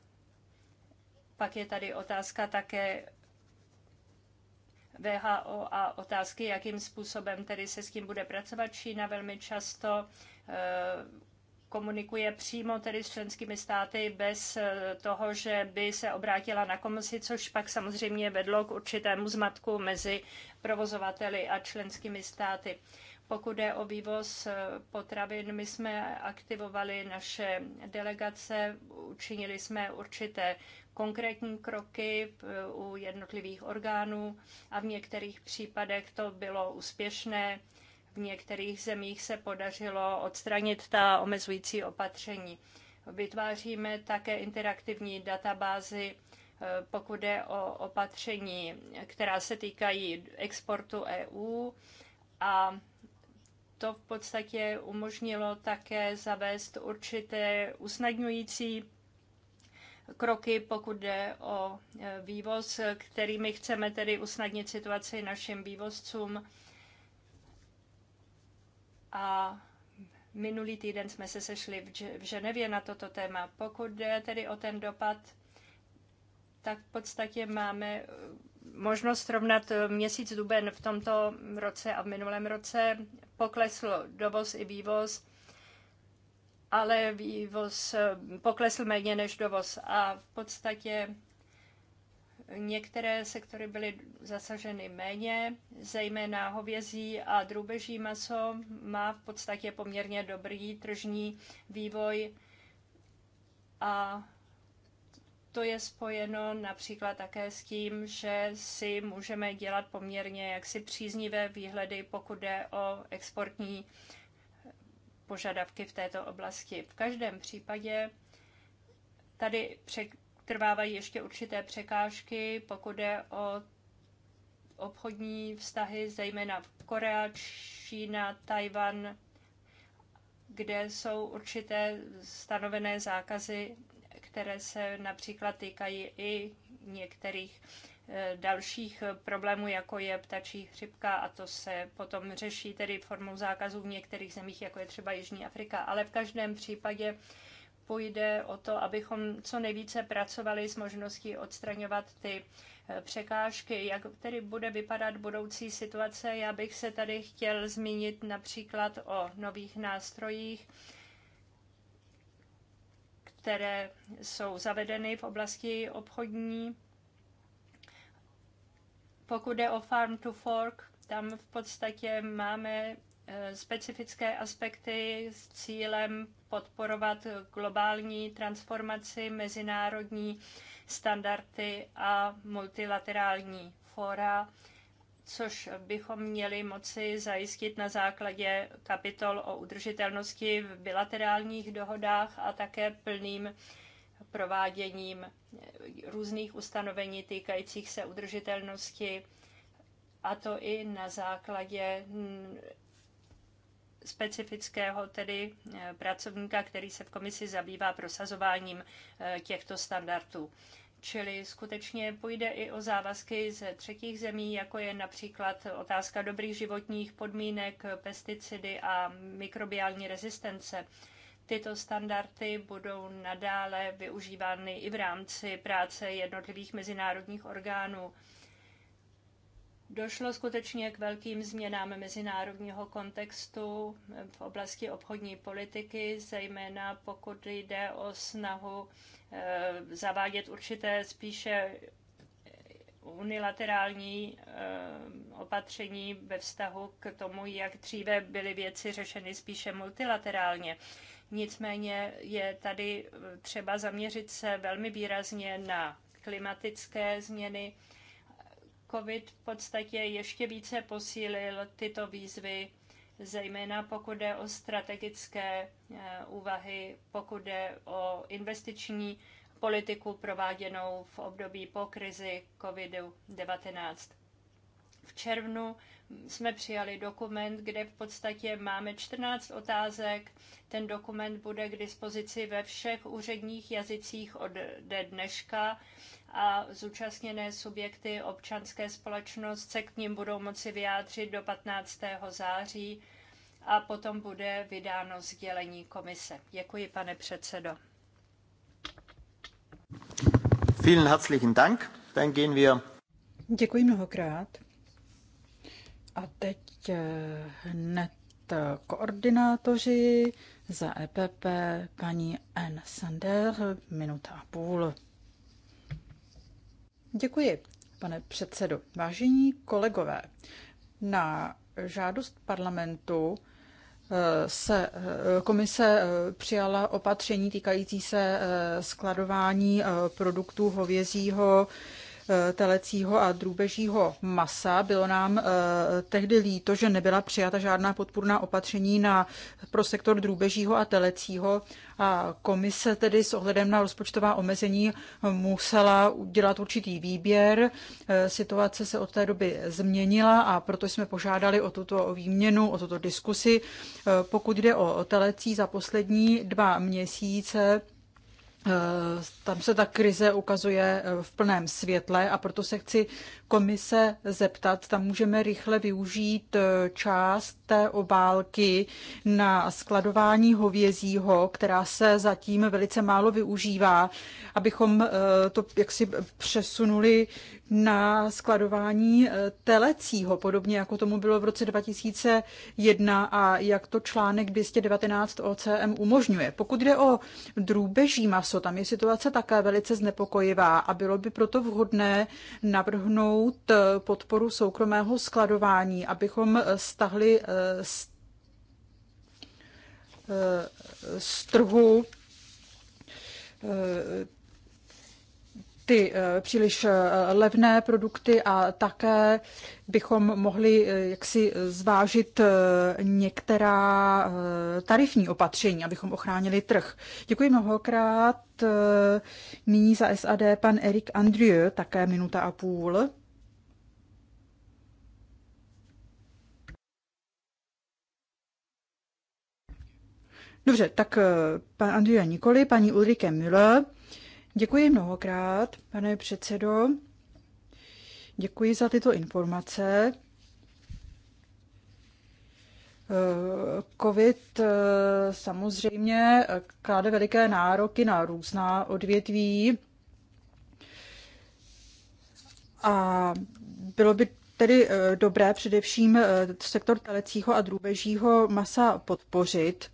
Speaker 3: pak je tady otázka také VHO a otázky, jakým způsobem tedy se s tím bude pracovat. Čína velmi často eh, komunikuje přímo tedy s členskými státy bez eh, toho, že by se obrátila na komisi, což pak samozřejmě vedlo k určitému zmatku mezi provozovateli a členskými státy. Pokud jde o vývoz eh, potravin, my jsme aktivovali naše delegace, učinili jsme určité konkrétní kroky eh, u jednotlivých orgánů a v některých případech to bylo úspěšné. V některých zemích se podařilo odstranit ta omezující opatření. Vytváříme také interaktivní databázy, eh, pokud je o opatření, která se týkají exportu EU a to v podstatě umožnilo také zavést určité usnadňující kroky, pokud jde o eh, vývoz, kterými chceme tedy usnadnit situaci našim vývozcům a minulý týden jsme se sešli v Ženevě na toto téma. Pokud jde tedy o ten dopad, tak v podstatě máme eh, možnost srovnat eh, měsíc duben v tomto roce a v minulém roce. Poklesl dovoz i vývoz, ale vývoz eh, poklesl méně než dovoz. A v podstatě Některé sektory byly zasaženy méně, zejména hovězí a drůbeží maso má v podstatě poměrně dobrý tržní vývoj a to je spojeno například také s tím, že si můžeme dělat poměrně jaksi příznivé výhledy, pokud jde o exportní požadavky v této oblasti. V každém případě tady trvávají ještě určité překážky, pokud jde o obchodní vztahy, zejména v Korea, Čína, Tajvan, kde jsou určité stanovené zákazy, které se například týkají i některých eh, dalších problémů, jako je ptačí chřipka a to se potom řeší tedy formou zákazu v některých zemích, jako je třeba Jižní Afrika. Ale v každém případě půjde o to, abychom co nejvíce pracovali s možností odstraňovat ty eh, překážky. Jak tedy bude vypadat budoucí situace? Já bych se tady chtěl zmínit například o nových nástrojích, které jsou zavedeny v oblasti obchodní. Pokud jde o farm to fork, tam v podstatě máme Eh, specifické aspekty s cílem podporovat globální transformaci, mezinárodní standardy a multilaterální fora, což bychom měli moci zajistit na základě kapitol o udržitelnosti v bilaterálních dohodách a také plným prováděním různých ustanovení týkajících se udržitelnosti, a to i na základě specifického tedy eh, pracovníka, který se v komisi zabývá prosazováním eh, těchto standardů. Čili skutečně půjde i o závazky ze třetích zemí, jako je například otázka dobrých životních podmínek, pesticidy a mikrobiální rezistence. Tyto standardy budou nadále využívány i v rámci práce jednotlivých mezinárodních orgánů. Došlo skutečně k velkým změnám mezinárodního kontextu v oblasti obchodní politiky, zejména pokud jde o snahu eh, zavádět určité spíše unilaterální eh, opatření ve vztahu k tomu, jak dříve byly věci řešeny spíše multilaterálně. Nicméně je tady eh, třeba zaměřit se velmi výrazně na klimatické změny, COVID v podstatě ještě více posílil tyto výzvy, zejména pokud jde o strategické eh, úvahy, pokud jde o investiční politiku prováděnou v období po krizi COVID-19. V červnu jsme přijali dokument, kde v podstatě máme 14 otázek. Ten dokument bude k dispozici ve všech úředních jazycích od dneška a zúčastněné subjekty občanské společnost se k ním budou moci vyjádřit do 15. září a potom bude vydáno sdělení komise. Děkuji, pane předsedo.
Speaker 1: Vielen herzlichen Dank. Dann gehen wir.
Speaker 2: Děkuji mnohokrát. A teď eh, hned eh, koordinátoři za EPP paní N. Sander, minuta a půl. Děkuji, pane předsedo. Vážení kolegové, na žádost parlamentu eh, se eh, komise eh, přijala opatření týkající se skladování produktů hovězího Eh, telecího a drůbežího masa. Bylo nám eh, tehdy líto, že nebyla přijata žádná podpůrná opatření na, pro sektor drůbežího a telecího a komise tedy s ohledem na rozpočtová omezení musela udělat určitý výběr. Eh, situace se od té doby změnila a proto jsme požádali o tuto výměnu, o tuto diskusi. Pokud jde o telecí za poslední dva měsíce, Eh, tam se ta krize ukazuje eh, v plném světle a proto se chci komise zeptat, tam můžeme rychle využít eh, část té obálky na skladování hovězího, která se zatím velice málo využívá, abychom eh, to jaksi přesunuli na skladování eh, telecího, podobně jako tomu bylo v roce 2001 a jak to článek 219 OCM umožňuje. Pokud jde o drůbeží maso, tam je situace také velice znepokojivá a bylo by proto vhodné navrhnout navrhnout eh, podporu soukromého skladování, abychom eh, stahli eh, z trhu ty příliš levné produkty a také bychom mohli jaksi zvážit některá tarifní opatření, abychom ochránili trh. Děkuji mnohokrát. Nyní za SAD pan Erik Andrieu, také minuta a půl. Dobře, tak eh, pan Andrea Nikoli, paní Ulrike Müller. Děkuji mnohokrát, pane předsedo. Děkuji za tyto informace. Eh, COVID eh, samozřejmě klade veliké nároky na různá odvětví a bylo by tedy dobré především sektor telecího a drůbežího masa podpořit.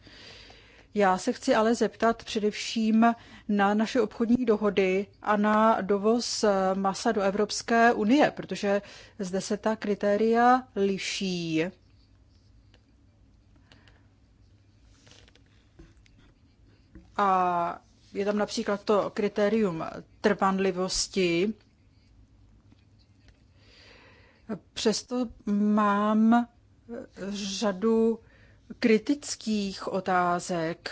Speaker 2: Já se chci ale zeptat především na naše obchodní dohody a na dovoz eh, masa do Evropské unie, protože zde se ta kritéria liší. A je tam například to kritérium trvanlivosti. Přesto mám eh, řadu kritických otázek.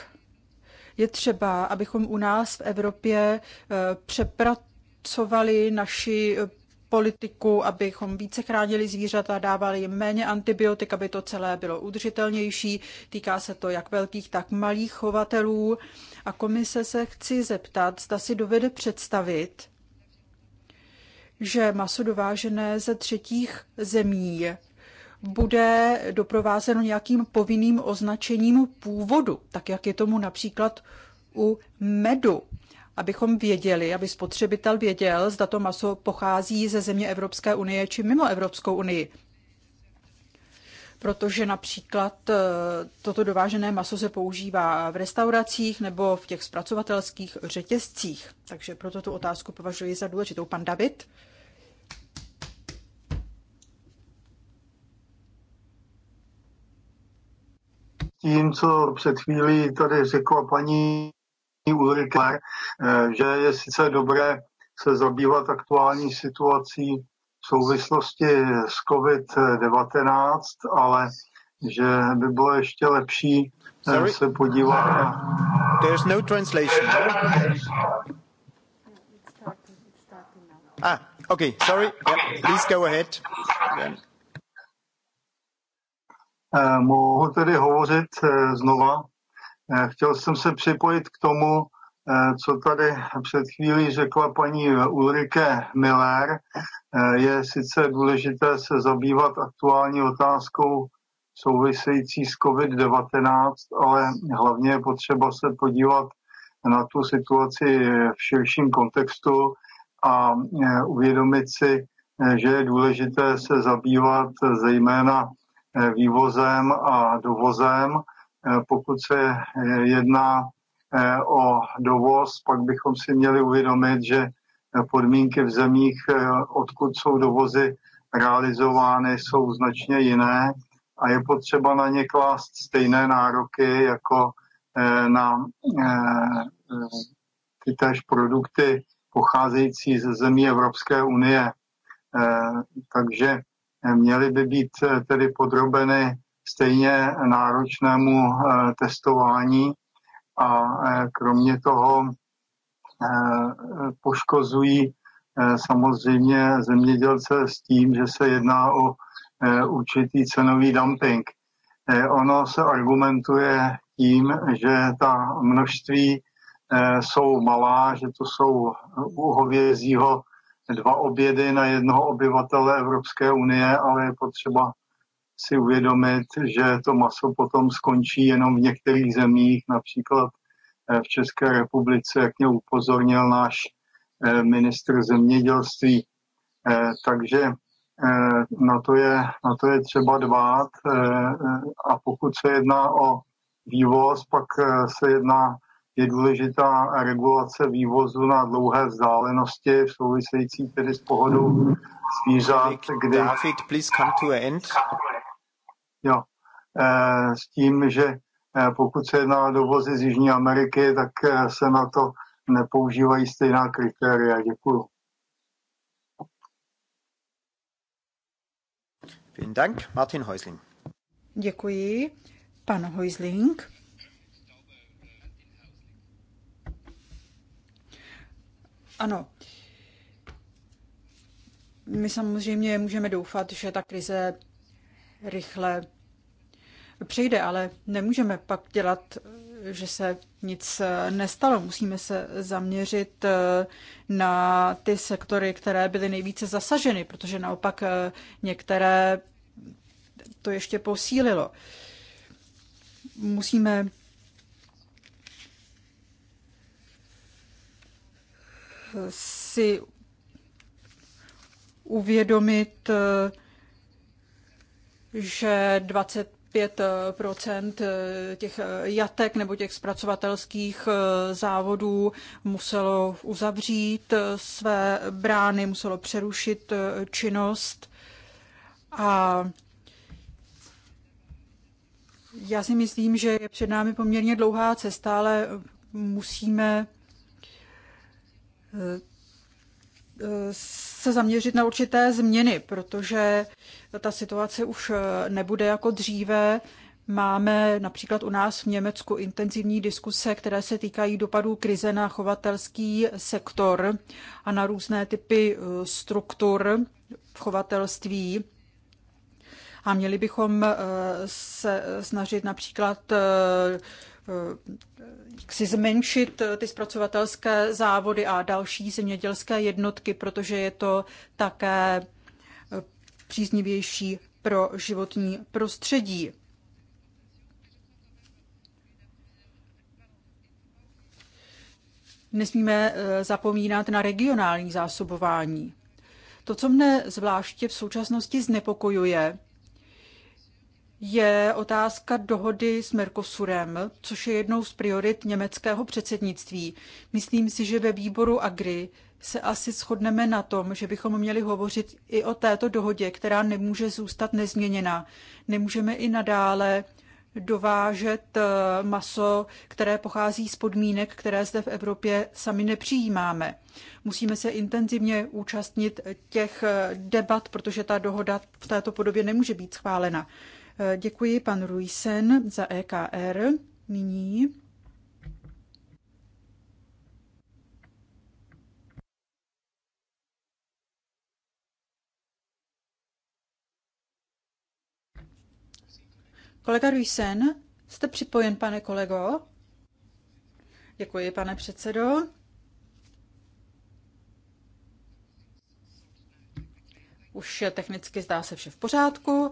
Speaker 2: Je třeba, abychom u nás v Evropě eh, přepracovali naši eh, politiku, abychom více chránili zvířata, dávali jim méně antibiotik, aby to celé bylo udržitelnější. Týká se to jak velkých, tak malých chovatelů. A komise se chci zeptat, zda si dovede představit, že maso dovážené ze třetích zemí bude doprovázeno nějakým povinným označením původu, tak jak je tomu například u medu, abychom věděli, aby spotřebitel věděl, zda to maso pochází ze země Evropské unie či mimo Evropskou unii. Protože například eh, toto dovážené maso se používá v restauracích nebo v těch zpracovatelských řetězcích. Takže proto tu otázku považuji za důležitou. Pan David?
Speaker 4: tím, co před chvílí tady řekla paní Ulrike, eh, že je sice dobré se zabývat aktuální situací v souvislosti s COVID-19, ale že by bylo ještě lepší eh, Sorry? se podívat na...
Speaker 1: There's no translation. Ah, okay, sorry. Yeah, please go ahead. Yeah.
Speaker 4: Eh, mohu tedy hovořit eh, znova. Eh, chtěl jsem se připojit k tomu, co tady před chvílí řekla paní Ulrike Miller. Je sice důležité se zabývat aktuální otázkou související s COVID-19, ale hlavně je potřeba se podívat na tu situaci v širším kontextu a uvědomit si, že je důležité se zabývat zejména Eh, vývozem a dovozem. Eh, pokud se eh, jedná o dovoz, pak bychom si měli uvědomit, že podmínky v zemích, odkud jsou dovozy realizovány, jsou značně jiné a je potřeba na ně klást stejné nároky jako na ty též produkty pocházející ze zemí Evropské unie. Takže měly by být eh, tedy podrobeny stejně náročnému eh, testování a eh, kromě toho poškozují samozřejmě zemědělce s tím, že se jedná o určitý cenový dumping. Ono se argumentuje tím, že ta množství jsou malá, že to jsou u hovězího dva obědy na jednoho obyvatele Evropské unie, ale je potřeba si uvědomit, že to maso potom skončí jenom v některých zemích, například eh, v České republice, jak mě upozornil náš eh, ministr zemědělství. Eh, takže na to je, na to je třeba dbát a pokud se jedná o vývoz, pak se jedná je důležitá regulace vývozu na dlouhé vzdálenosti v související tedy s pohodou zvířat, kdy... David, please come to an end. Jo, eh, s tím, že eh, pokud se jedná dovozy z Jižní Ameriky, tak eh, se na to nepoužívají stejná kritéria. Děkuju.
Speaker 1: Vielen Dank, Martin Häusling.
Speaker 2: Děkuji, pan Häusling. Ano. My samozřejmě můžeme doufat, že ta krize rychle přejde, ale nemůžeme pak dělat, že se nic eh, nestalo. Musíme se zaměřit eh, na ty sektory, které byly nejvíce zasaženy, protože naopak eh, některé to ještě posílilo. Musíme si uvědomit, že 25 těch jatek nebo těch zpracovatelských eh, závodů muselo uzavřít eh, své brány, muselo přerušit eh, činnost. A já si myslím, že je před námi poměrně dlouhá cesta, ale musíme se zaměřit na určité změny, protože ta situace už nebude jako dříve. Máme například u nás v Německu intenzivní diskuse, které se týkají dopadů krize na chovatelský sektor a na různé typy eh, struktur v chovatelství. A měli bychom eh, se snažit například eh, Eh, si zmenšit eh, ty zpracovatelské závody a další zemědělské jednotky, protože je to také eh, příznivější pro životní prostředí. Nesmíme zapomínat na regionální zásobování. To, co mne zvláště v současnosti znepokojuje, je otázka dohody s Mercosurem, což je jednou z priorit německého předsednictví. Myslím si, že ve výboru Agri se asi shodneme na tom, že bychom měli hovořit i o této dohodě, která nemůže zůstat nezměněna. Nemůžeme i nadále dovážet eh, maso, které pochází z podmínek, které zde v Evropě sami nepřijímáme. Musíme se intenzivně účastnit těch eh, debat, protože ta dohoda v této podobě nemůže být schválena. Eh, děkuji pan Ruisen za EKR. Nyní Kolega Ruisen, jste připojen, pane kolego? Děkuji, pane předsedo. Už technicky zdá se vše v pořádku.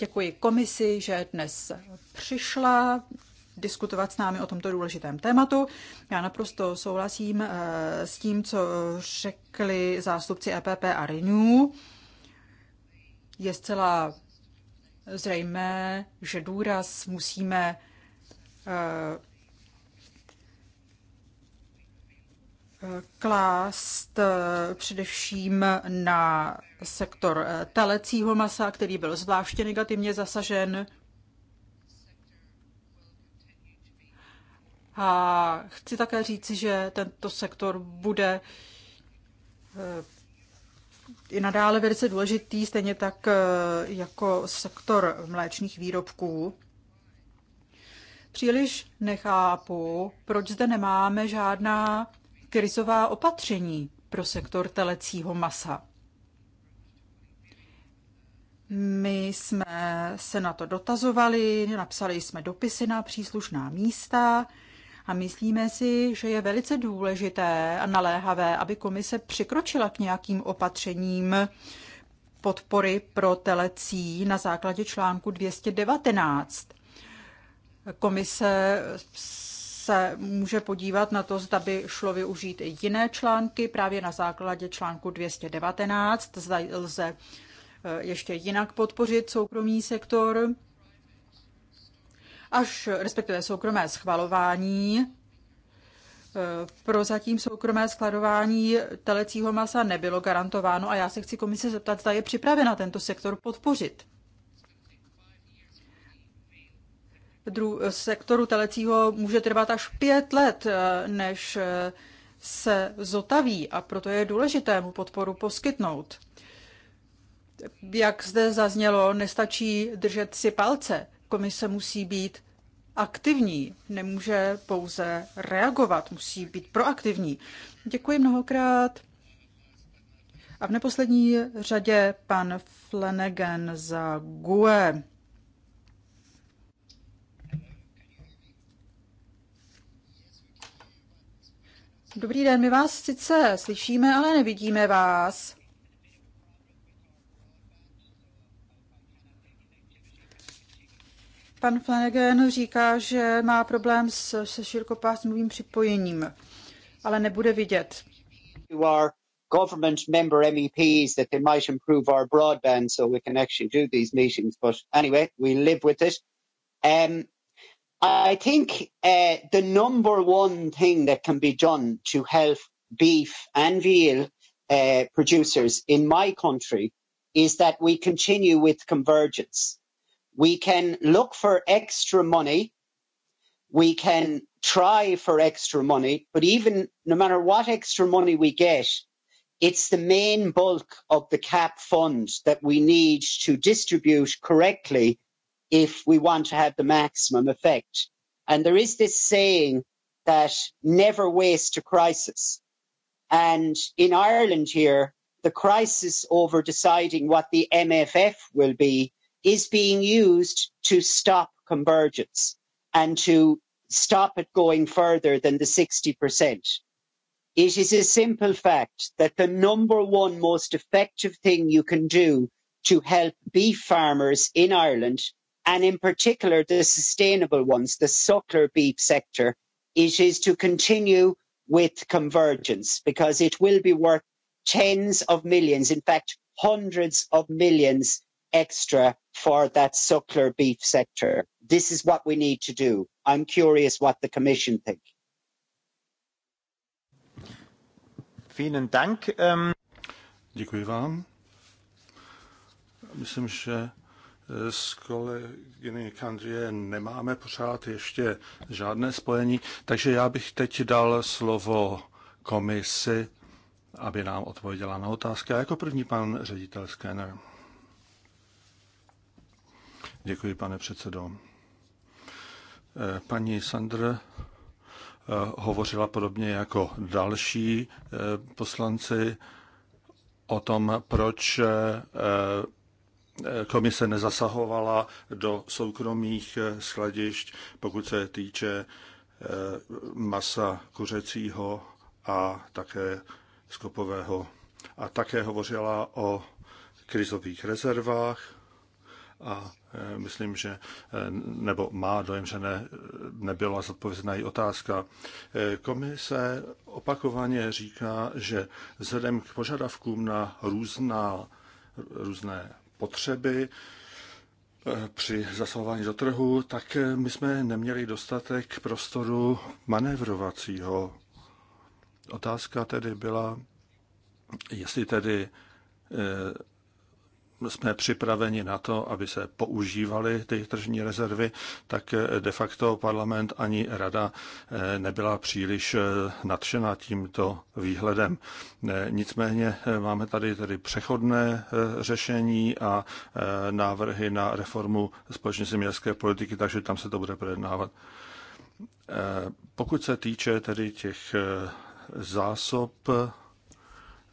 Speaker 2: Děkuji komisi, že dnes přišla diskutovat s námi o tomto důležitém tématu. Já naprosto souhlasím eh, s tím, co řekli zástupci EPP a Renew. Je zcela zřejmé, že důraz musíme eh, klást eh, především na sektor eh, telecího masa, který byl zvláště negativně zasažen. A chci také říci, že tento sektor bude eh, i nadále velice důležitý, stejně tak jako sektor mléčných výrobků. Příliš nechápu, proč zde nemáme žádná krizová opatření pro sektor telecího masa. My jsme se na to dotazovali, napsali jsme dopisy na příslušná místa a myslíme si, že je velice důležité a naléhavé, aby komise přikročila k nějakým opatřením podpory pro telecí na základě článku 219. Komise se může podívat na to, zda by šlo využít i jiné články. Právě na základě článku 219 zda lze eh, ještě jinak podpořit soukromý sektor, až respektive soukromé schvalování. Eh, prozatím soukromé skladování telecího masa nebylo garantováno a já se chci komise zeptat, zda je připravena tento sektor podpořit. sektoru telecího může trvat až pět let, eh, než eh, se zotaví a proto je důležité mu podporu poskytnout. Jak zde zaznělo, nestačí držet si palce. Komise musí být aktivní, nemůže pouze reagovat, musí být proaktivní. Děkuji mnohokrát. A v neposlední řadě pan Flanagan za GUE. Dobrý den, my vás sice slyšíme, ale nevidíme vás. Pan Flanagan říká, že má problém s, se
Speaker 5: širokopásmovým
Speaker 2: připojením, ale nebude vidět.
Speaker 5: You are government member MEPs that they might improve our broadband so we can actually do these meetings. But anyway, we live with it. Um, i think uh, the number one thing that can be done to help beef and veal uh, producers in my country is that we continue with convergence. We can look for extra money. We can try for extra money, but even no matter what extra money we get, it's the main bulk of the cap fund that we need to distribute correctly if we want to have the maximum effect. And there is this saying that never waste a crisis. And in Ireland here, the crisis over deciding what the MFF will be is being used to stop convergence and to stop it going further than the 60%. It is a simple fact that the number one most effective thing you can do to help beef farmers in Ireland and in particular the sustainable ones, the suckler beef sector, it is to continue with convergence because it will be worth tens of millions, in fact, hundreds of millions extra for that suckler beef sector. This is what we need to do. I'm curious what the Commission think.
Speaker 1: Vielen Dank. Um... Děkuji vám. Myslím, že
Speaker 6: Eh, s kolegyny Kandrie nemáme pořád ještě žádné spojení, takže já bych teď dal slovo komisi, aby nám odpověděla na otázky. A jako první pan ředitel Scanner. Děkuji, pane předsedo. Eh, paní Sandr eh, hovořila podobně jako další poslanci o tom, proč komise nezasahovala do soukromých eh, skladišť, pokud se týče eh, masa kuřecího a také skopového. A také hovořila o krizových rezervách a eh, myslím, že nebo má dojem, že ne, nebyla zodpovězena i otázka. Komise opakovaně říká, že vzhledem k požadavkům na různá, různé potřeby eh, při zasahování do trhu, tak eh, my jsme neměli dostatek prostoru manévrovacího. Otázka tedy byla, jestli tedy eh, jsme připraveni na to, aby se používaly ty tržní rezervy, tak de facto parlament ani rada eh, nebyla příliš eh, nadšena tímto výhledem. Eh, nicméně máme tady tedy přechodné řešení a návrhy na reformu společně zemědělské politiky, takže tam se to bude projednávat. Pokud se týče tedy těch zásob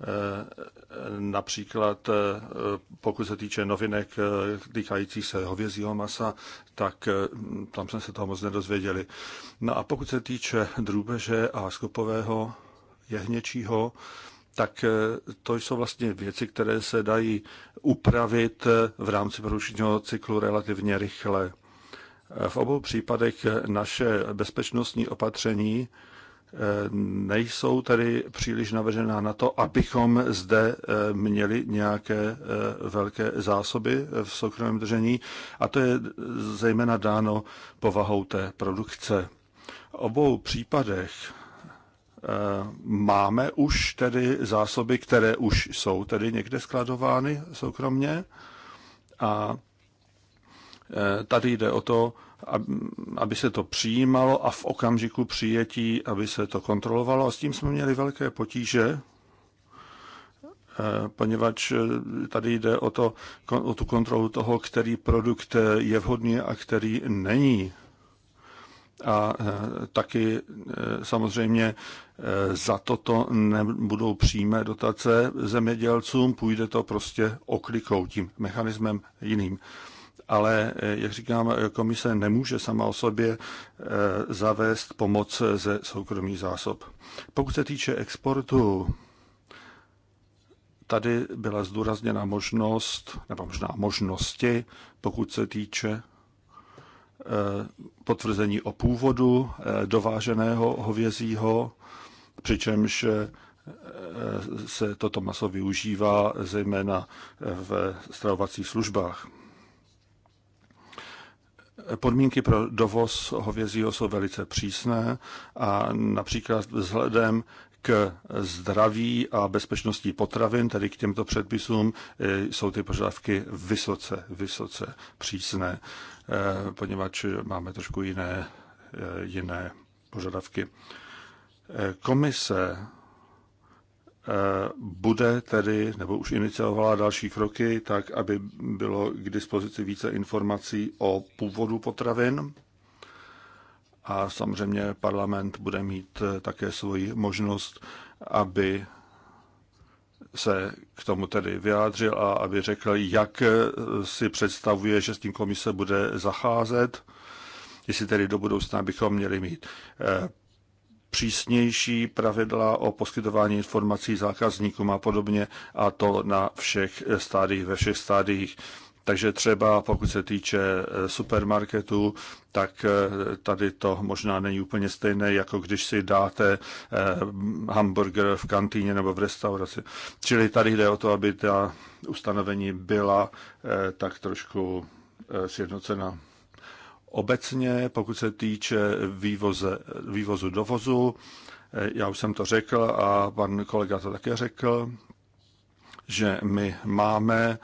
Speaker 6: Eh, například eh, pokud se týče novinek eh, týkajících se hovězího masa, tak tam jsme se toho moc nedozvěděli. No a pokud se týče drůbeže a skopového jehněčího, tak to jsou vlastně věci, které se dají upravit v rámci produčního cyklu relativně rychle. V obou případech naše bezpečnostní opatření Eh, nejsou tedy příliš navržená na to, abychom zde eh, měli nějaké eh, velké zásoby v soukromém držení a to je zejména dáno povahou té produkce. V obou případech máme už tedy zásoby, které už jsou tedy někde skladovány soukromně a tady jde o to, aby se to přijímalo a v okamžiku přijetí, aby se to kontrolovalo. A s tím jsme měli velké potíže, eh, poněvadž eh, tady jde o, to, o tu kontrolu toho, který produkt eh, je vhodný a který není. A taky samozřejmě za toto nebudou přímé dotace zemědělcům, půjde to prostě oklikou, tím mechanismem jiným ale, eh, jak říkám, eh, komise nemůže sama o sobě eh, zavést pomoc ze soukromých zásob. Pokud se týče exportu, tady byla zdůrazněna možnost, nebo možná možnosti, pokud se týče potvrzení o původu dováženého hovězího, přičemž se toto maso využívá zejména v stravovacích službách podmínky pro dovoz hovězího jsou velice přísné a například vzhledem k zdraví a bezpečnosti potravin, tedy k těmto předpisům, eh, jsou ty požadavky vysoce, vysoce přísné, eh, poněvadž máme trošku jiné, eh, jiné požadavky. Komise bude tedy, nebo už iniciovala další kroky, tak aby bylo k dispozici více informací o původu potravin. A samozřejmě parlament bude mít eh, také svoji možnost, aby se k tomu tedy vyjádřil a aby řekl, jak eh, si představuje, že s tím komise bude zacházet, jestli tedy do budoucna bychom měli mít eh, přísnější pravidla o poskytování informací zákazníkům a podobně a to na všech stádiích, ve všech stádiích. Takže třeba pokud se týče eh, supermarketu, tak eh, tady to možná není úplně stejné, jako když si dáte eh, hamburger v kantýně nebo v restauraci. Čili tady jde o to, aby ta ustanovení byla tak trošku sjednocena. Obecně, pokud se týče vývoze, vývozu dovozu, eh, já už jsem to řekl a pan kolega to také řekl, že my máme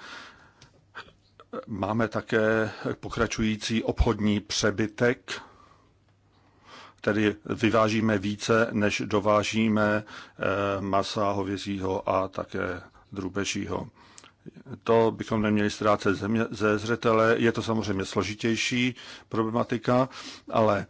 Speaker 6: máme také pokračující obchodní přebytek, tedy vyvážíme více, než dovážíme eh, masa hovězího a také drubežího to bychom neměli ztrácet ze zřetele. Je to samozřejmě složitější problematika, ale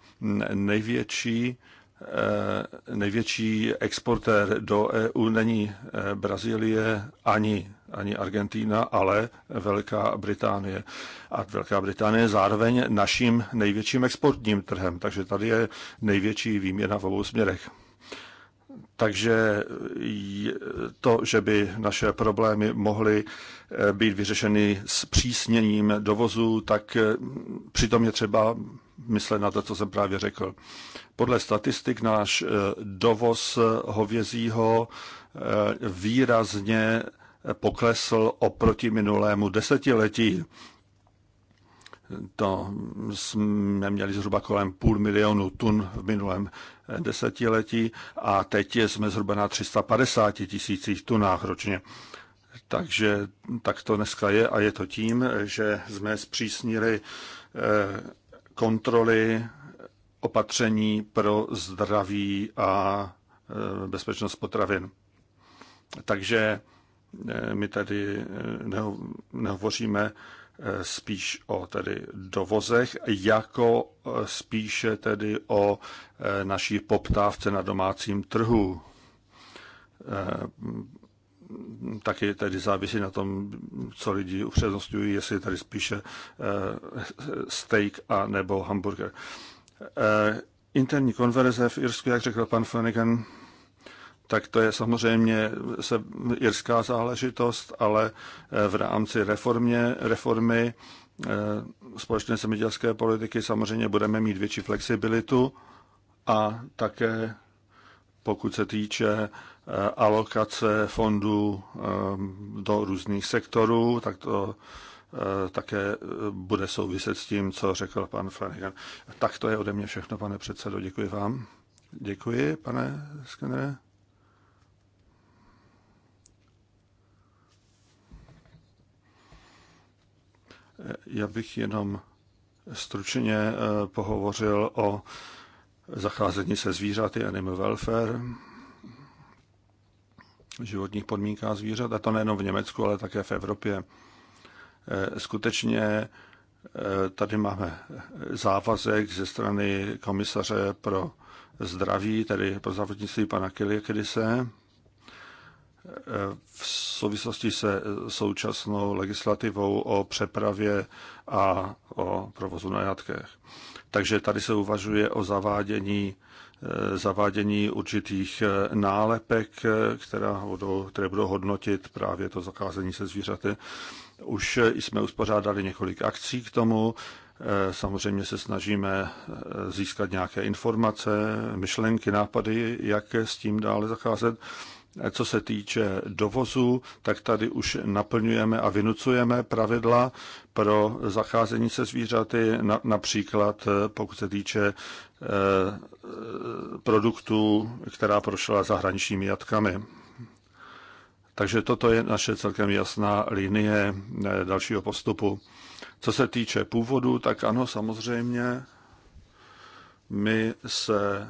Speaker 6: největší, eh, největší exportér do EU není eh, Brazílie ani, ani Argentína, ale Velká Británie. A Velká Británie je zároveň naším největším exportním trhem, takže tady je největší výměna v obou směrech. Takže to, že by naše problémy mohly eh, být vyřešeny s přísněním dovozu, tak eh, přitom je třeba myslet na to, co jsem právě řekl. Podle statistik náš eh, dovoz hovězího výrazně poklesl oproti minulému desetiletí. To jsme měli zhruba kolem půl milionu tun v minulém eh, desetiletí a teď jsme zhruba na 350 tisících tunách ročně. Takže tak to dneska je a je to tím, že jsme zpřísnili eh, kontroly opatření pro zdraví a eh, bezpečnost potravin. Takže my tady nehovoříme Eh, spíš o tedy dovozech, jako eh, spíše tedy o eh, naší poptávce na domácím trhu. Taky tedy závisí na tom, co lidi upřednostňují, jestli tady spíše steak a nebo hamburger. Interní konverze v Irsku, jak řekl pan Flanagan, tak to je samozřejmě se, jirská záležitost, ale eh, v rámci reformě, reformy eh, společné zemědělské politiky samozřejmě budeme mít větší flexibilitu a také pokud se týče eh, alokace fondů do různých sektorů, tak to také bude souviset s tím, co řekl pan Flanagan. Tak to je ode mě všechno, pane předsedo, děkuji vám. Děkuji, pane Skenere. Já bych jenom stručně eh, pohovořil o zacházení se zvířaty, animal welfare, životních podmínkách zvířat, a to nejenom v Německu, ale také v Evropě. Eh, skutečně eh, tady máme závazek ze strany komisaře pro zdraví, tedy pro zdravotnictví pana Kilikrise, v souvislosti se současnou legislativou o přepravě a o provozu na jatkách. Takže tady se uvažuje o zavádění, eh, zavádění určitých eh, nálepek, eh, která budou, které budou hodnotit právě to zakázení se zvířaty. Už jsme uspořádali několik akcí k tomu. Samozřejmě se snažíme získat nějaké informace, myšlenky, nápady, jak s tím dále zacházet. Co se týče dovozu, tak tady už naplňujeme a vynucujeme pravidla pro zacházení se zvířaty, například eh, pokud se týče eh, produktů, která prošla zahraničními jatkami. Takže toto je naše celkem jasná linie eh, dalšího postupu. Co se týče původu, tak ano, samozřejmě my se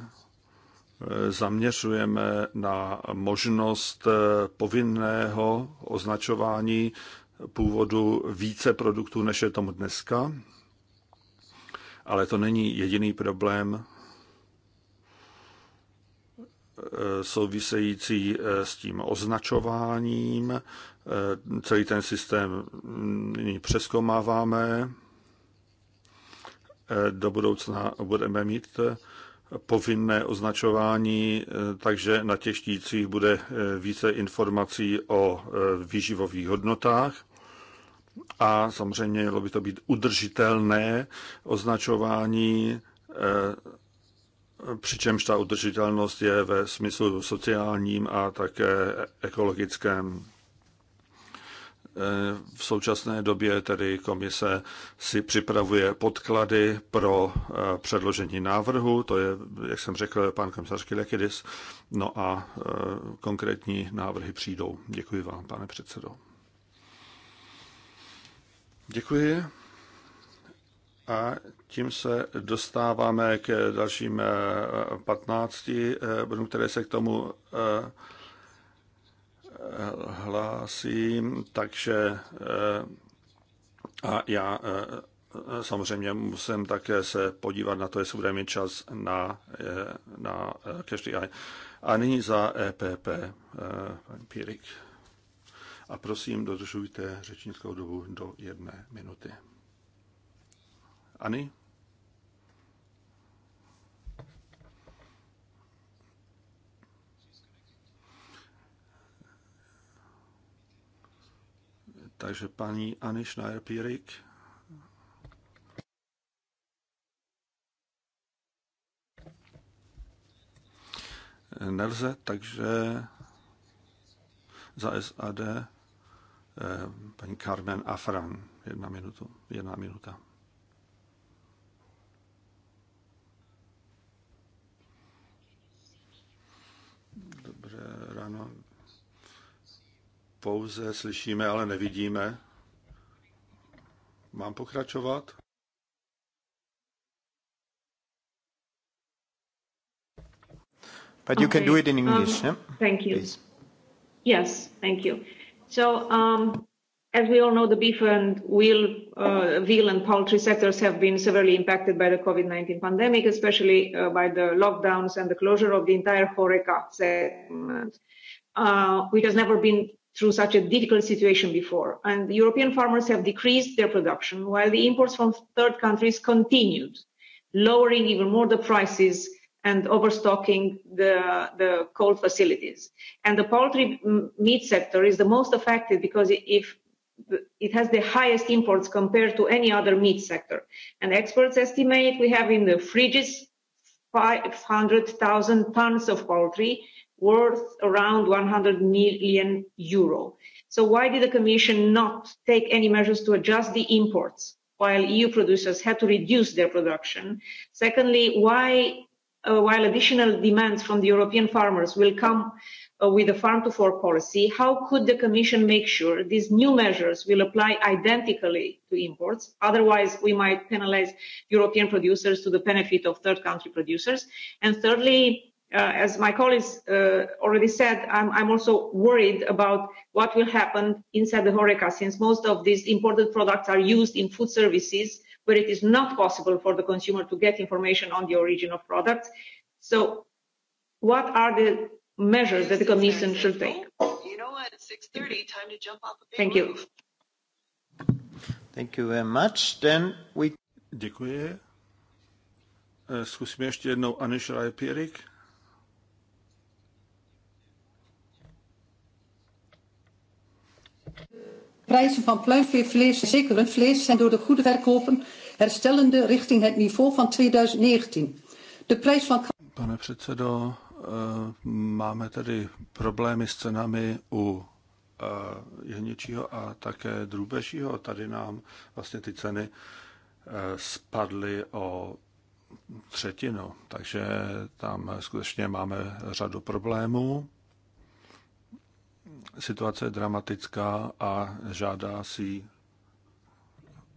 Speaker 6: zaměřujeme na možnost eh, povinného označování původu více produktů, než je tomu dneska. Ale to není jediný problém eh, související eh, s tím označováním. Celý ten systém nyní přeskomáváme. Do budoucna budeme mít povinné označování, eh, takže na těch štících bude eh, více informací o eh, výživových hodnotách. A samozřejmě mělo by to být udržitelné označování, přičemž ta udržitelnost je ve smyslu sociálním a také ekologickém. V současné době tedy komise si připravuje podklady pro eh, předložení návrhu, to je, jak jsem řekl, pan komisař Kilekidis, no a eh, konkrétní návrhy přijdou. Děkuji vám, pane předsedo. Děkuji. A tím se dostáváme k dalším 15 eh, bodům, které se k tomu hlásím, takže eh, a já eh, samozřejmě musím také se podívat na to, jestli bude mít čas na, eh, na každý A nyní za EPP, paní Pírik. A prosím, dodržujte řečnickou dobu do jedné minuty. Ani? Takže paní Anny Schneier-Pírik. Nelze, takže za SAD eh, paní Carmen Afran. Jedna, minutu, jedna minuta. Dobré ráno, pouze slyšíme, ale nevidíme. Mám pokračovat?
Speaker 1: But you okay. can do it in English, um, yeah? Thank
Speaker 7: you. Please. Yes, thank you. So, um, as we all know, the beef and wheel, uh, veal and poultry sectors have been severely impacted by the COVID-19 pandemic, especially uh, by the lockdowns and the closure of the entire HoReCa segment, uh, which has never been through such a difficult situation before, and European farmers have decreased their production while the imports from third countries continued, lowering even more the prices and overstocking the, the coal facilities. And the poultry meat sector is the most affected because if it has the highest imports compared to any other meat sector. And experts estimate we have in the fridges 500,000 tons of poultry worth around 100 million euro. So why did the Commission not take any measures to adjust the imports while EU producers had to reduce their production? Secondly, why, uh, while additional demands from the European farmers will come uh, with the farm to fork policy, how could the Commission make sure these new measures will apply identically to imports? Otherwise, we might penalize European producers to the benefit of third country producers. And thirdly, uh, as my colleagues uh, already said, I'm, I'm also worried about what will happen inside the Horeca, since most of these imported products are used in food services where it is not possible for the consumer to get information on the origin of products. So what are the measures that the Commission should take? You know
Speaker 3: what, it's 6.30, time to jump off the Thank roof.
Speaker 1: you. Thank you very much. Then
Speaker 6: we... Děkuji. Eh, zkusíme ještě jednou Anish Rai
Speaker 2: Prijzen van pluimveevlees, zeker rundvlees, zijn door de goede verkopen herstellende richting het niveau van 2019. De prijs van...
Speaker 6: Pane předsedo, eh, máme tady problémy s cenami u eh, jehničího a také drůbežího. Tady nám vlastně ty ceny eh, spadly o třetinu, takže tam skutečně máme řadu problémů situace je dramatická a žádá si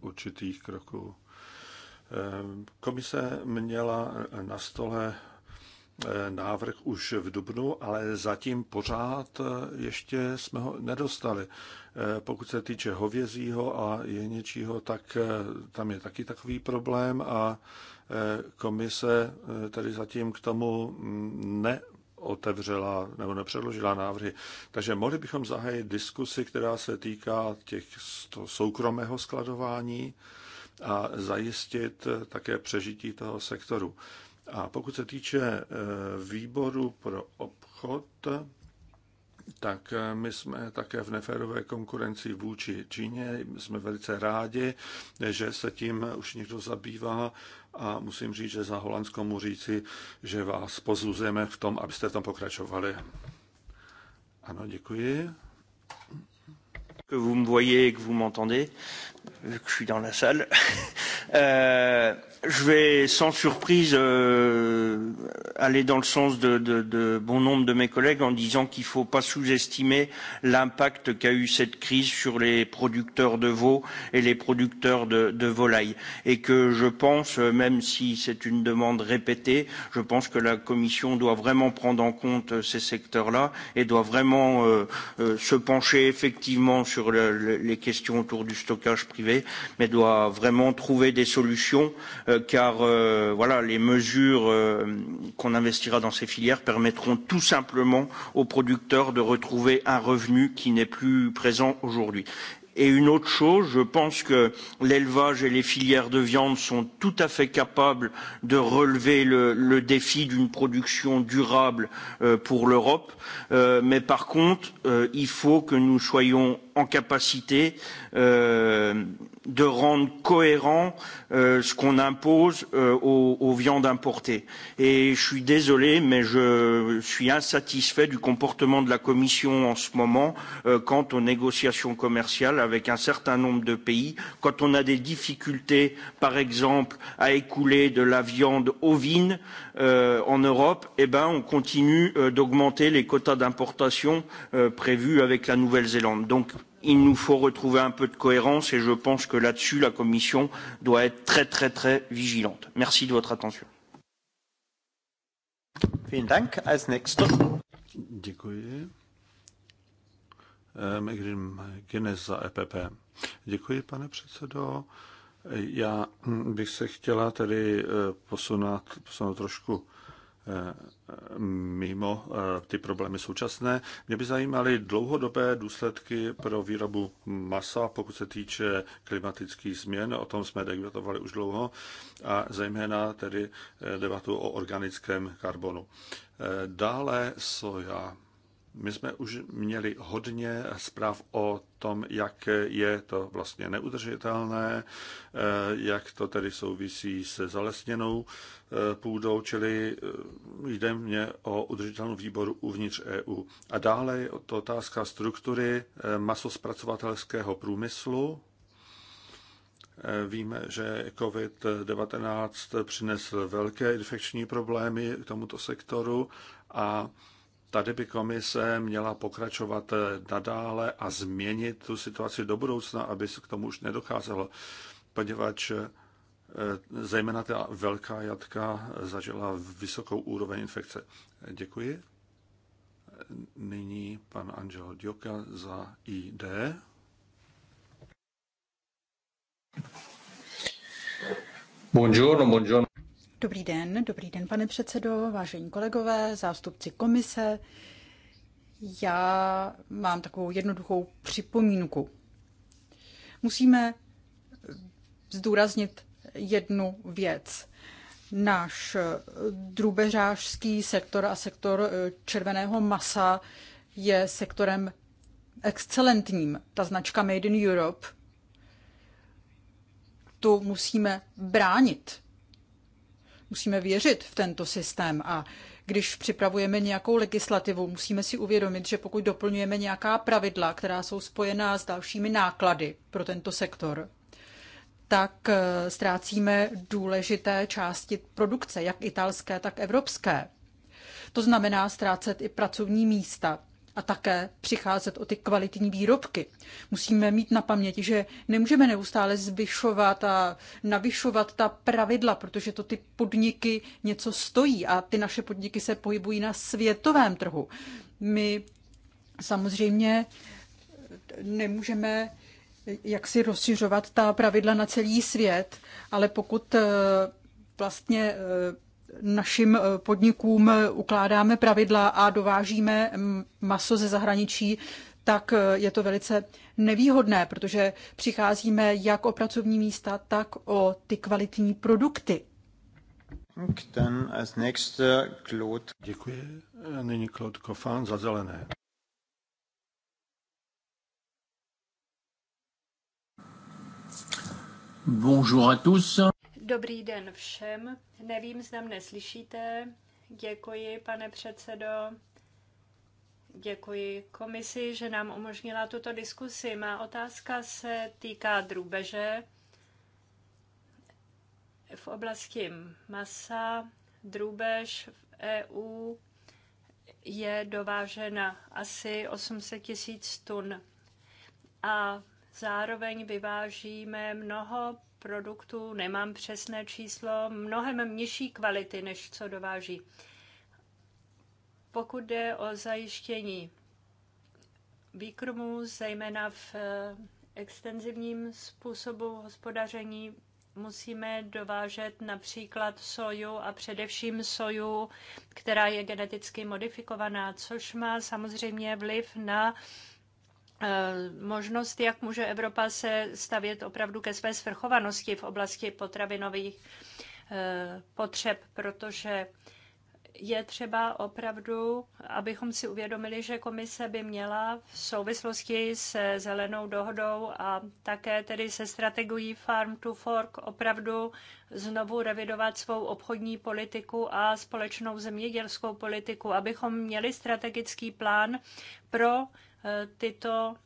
Speaker 6: určitých kroků. Eh, komise měla na stole eh, návrh už v Dubnu, ale zatím pořád eh, ještě jsme ho nedostali. Pokud se týče hovězího a je něčího, tak tam je taky takový problém a komise tady zatím k tomu mm, ne otevřela nebo nepředložila návrhy. Takže mohli bychom zahájit diskusi, která se týká těch soukromého skladování a zajistit také přežití toho sektoru. A pokud se týče eh, výboru pro obchod, tak eh, my jsme také v neférové konkurenci vůči Číně. Jsme velice rádi, že se tím už někdo zabývá a musím říct, že za Holandsko mu říci, že vás pozuzujeme v tom, abyste tam pokračovali. Ano, děkuji.
Speaker 8: Que vous me voyez et que vous m'entendez vu que je suis dans la salle. euh, je vais sans surprise euh, aller dans le sens de, de, de bon nombre de mes collègues en disant qu'il ne faut pas sous-estimer l'impact qu'a eu cette crise sur les producteurs de veaux et les producteurs de, de volailles. Et que je pense, même si c'est une demande répétée, je pense que la Commission doit vraiment prendre en compte ces secteurs-là et doit vraiment euh, euh, se pencher effectivement sur le, le, les questions autour du stockage privé privée, mais doit vraiment trouver des solutions, euh, car euh, voilà, les mesures euh, qu'on investira dans ces filières permettront tout simplement aux producteurs de retrouver un revenu qui n'est plus présent aujourd'hui. Et une autre chose, je pense que l'élevage et les filières de viande sont tout à fait capables de relever le, le défi d'une production durable euh, pour l'Europe. Euh, mais par contre, euh, il faut que nous soyons en capacité euh, de rendre cohérent euh, ce qu'on impose euh, aux, aux viandes importées. Et je suis désolé, mais je suis insatisfait du comportement de la Commission en ce moment euh, quant aux négociations commerciales avec un certain nombre de pays. Quand on a des difficultés, par exemple, à écouler de la viande ovine euh, en Europe, eh ben, on continue euh, d'augmenter les quotas d'importation euh, prévus avec la Nouvelle-Zélande. Donc il nous faut retrouver un peu de cohérence et je pense que là-dessus, la Commission doit être très très très vigilante. Merci de votre attention. Děkuji. Eh,
Speaker 6: Megrim EPP. Děkuji, pane předsedo. Já bych se chtěla tedy eh, posunout, posunout trošku mimo eh, ty problémy současné. Mě by zajímaly dlouhodobé důsledky pro výrobu masa, pokud se týče klimatických změn, o tom jsme debatovali už dlouho, a zejména tedy eh, debatu o organickém karbonu. Eh, dále soja. My jsme už měli hodně zpráv o tom, jak je to vlastně neudržitelné, eh, jak to tedy souvisí se zalesněnou eh, půdou, čili eh, jde mě o udržitelnou výboru uvnitř EU. A dále je to otázka struktury masospracovatelského průmyslu. Víme, že COVID-19 přinesl velké infekční problémy k tomuto sektoru a tady by komise měla pokračovat eh, nadále a změnit tu situaci do budoucna, aby se k tomu už nedocházelo, poněvadž eh, zejména ta velká jatka zažila vysokou úroveň infekce. Děkuji. Nyní pan Angel Dioka za ID.
Speaker 1: Buongiorno, buongiorno.
Speaker 2: Dobrý den, dobrý den, pane předsedo, vážení kolegové, zástupci komise. Já mám takovou jednoduchou připomínku. Musíme zdůraznit jednu věc. Náš drubeřářský sektor a sektor eh, červeného masa je sektorem excelentním. Ta značka Made in Europe, tu musíme bránit musíme věřit v tento systém a když připravujeme nějakou legislativu, musíme si uvědomit, že pokud doplňujeme nějaká pravidla, která jsou spojená s dalšími náklady pro tento sektor, tak eh, ztrácíme důležité části produkce, jak italské, tak evropské. To znamená ztrácet i pracovní místa a také přicházet o ty kvalitní výrobky. Musíme mít na paměti, že nemůžeme neustále zvyšovat a navyšovat ta pravidla, protože to ty podniky něco stojí a ty naše podniky se pohybují na světovém trhu. My samozřejmě nemůžeme jak si rozšiřovat ta pravidla na celý svět, ale pokud eh, vlastně eh, našim eh, podnikům eh, ukládáme pravidla a dovážíme mm, maso ze zahraničí, tak eh, je to velice nevýhodné, protože přicházíme jak o pracovní místa, tak o ty kvalitní produkty.
Speaker 1: Claude.
Speaker 6: Děkuji. Nyní Claude Kofan za zelené.
Speaker 1: Bonjour à tous.
Speaker 3: Dobrý den všem. Nevím, zda mne slyšíte. Děkuji, pane předsedo. Děkuji komisi, že nám umožnila tuto diskusi. Má otázka se týká drůbeže v oblasti masa. Drůbež v EU je dovážena asi 800 tisíc tun a zároveň vyvážíme mnoho produktů, nemám přesné číslo, mnohem nižší kvality, než co dováží. Pokud jde o zajištění výkrmů, zejména v eh, extenzivním způsobu hospodaření, musíme dovážet například soju a především soju, která je geneticky modifikovaná, což má samozřejmě vliv na Eh, možnost, jak může Evropa se stavět opravdu ke své svrchovanosti v oblasti potravinových eh, potřeb, protože je třeba opravdu, abychom si uvědomili, že komise by měla v souvislosti se zelenou dohodou a také tedy se strategií Farm to Fork opravdu znovu revidovat svou obchodní politiku a společnou zemědělskou politiku, abychom měli strategický plán pro Eh, tyto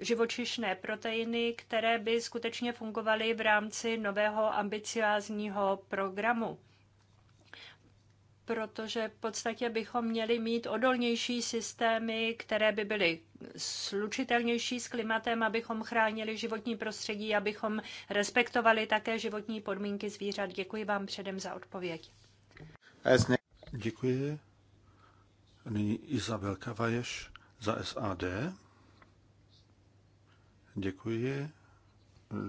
Speaker 3: živočišné proteiny, které by skutečně fungovaly v rámci nového ambiciozního programu protože v podstatě bychom měli mít odolnější systémy, které by byly slučitelnější s klimatem, abychom chránili životní prostředí, abychom respektovali také životní podmínky zvířat. Děkuji vám předem za odpověď.
Speaker 1: Děkuji.
Speaker 6: Nyní Izabel Kavaješ za SAD. Děkuji.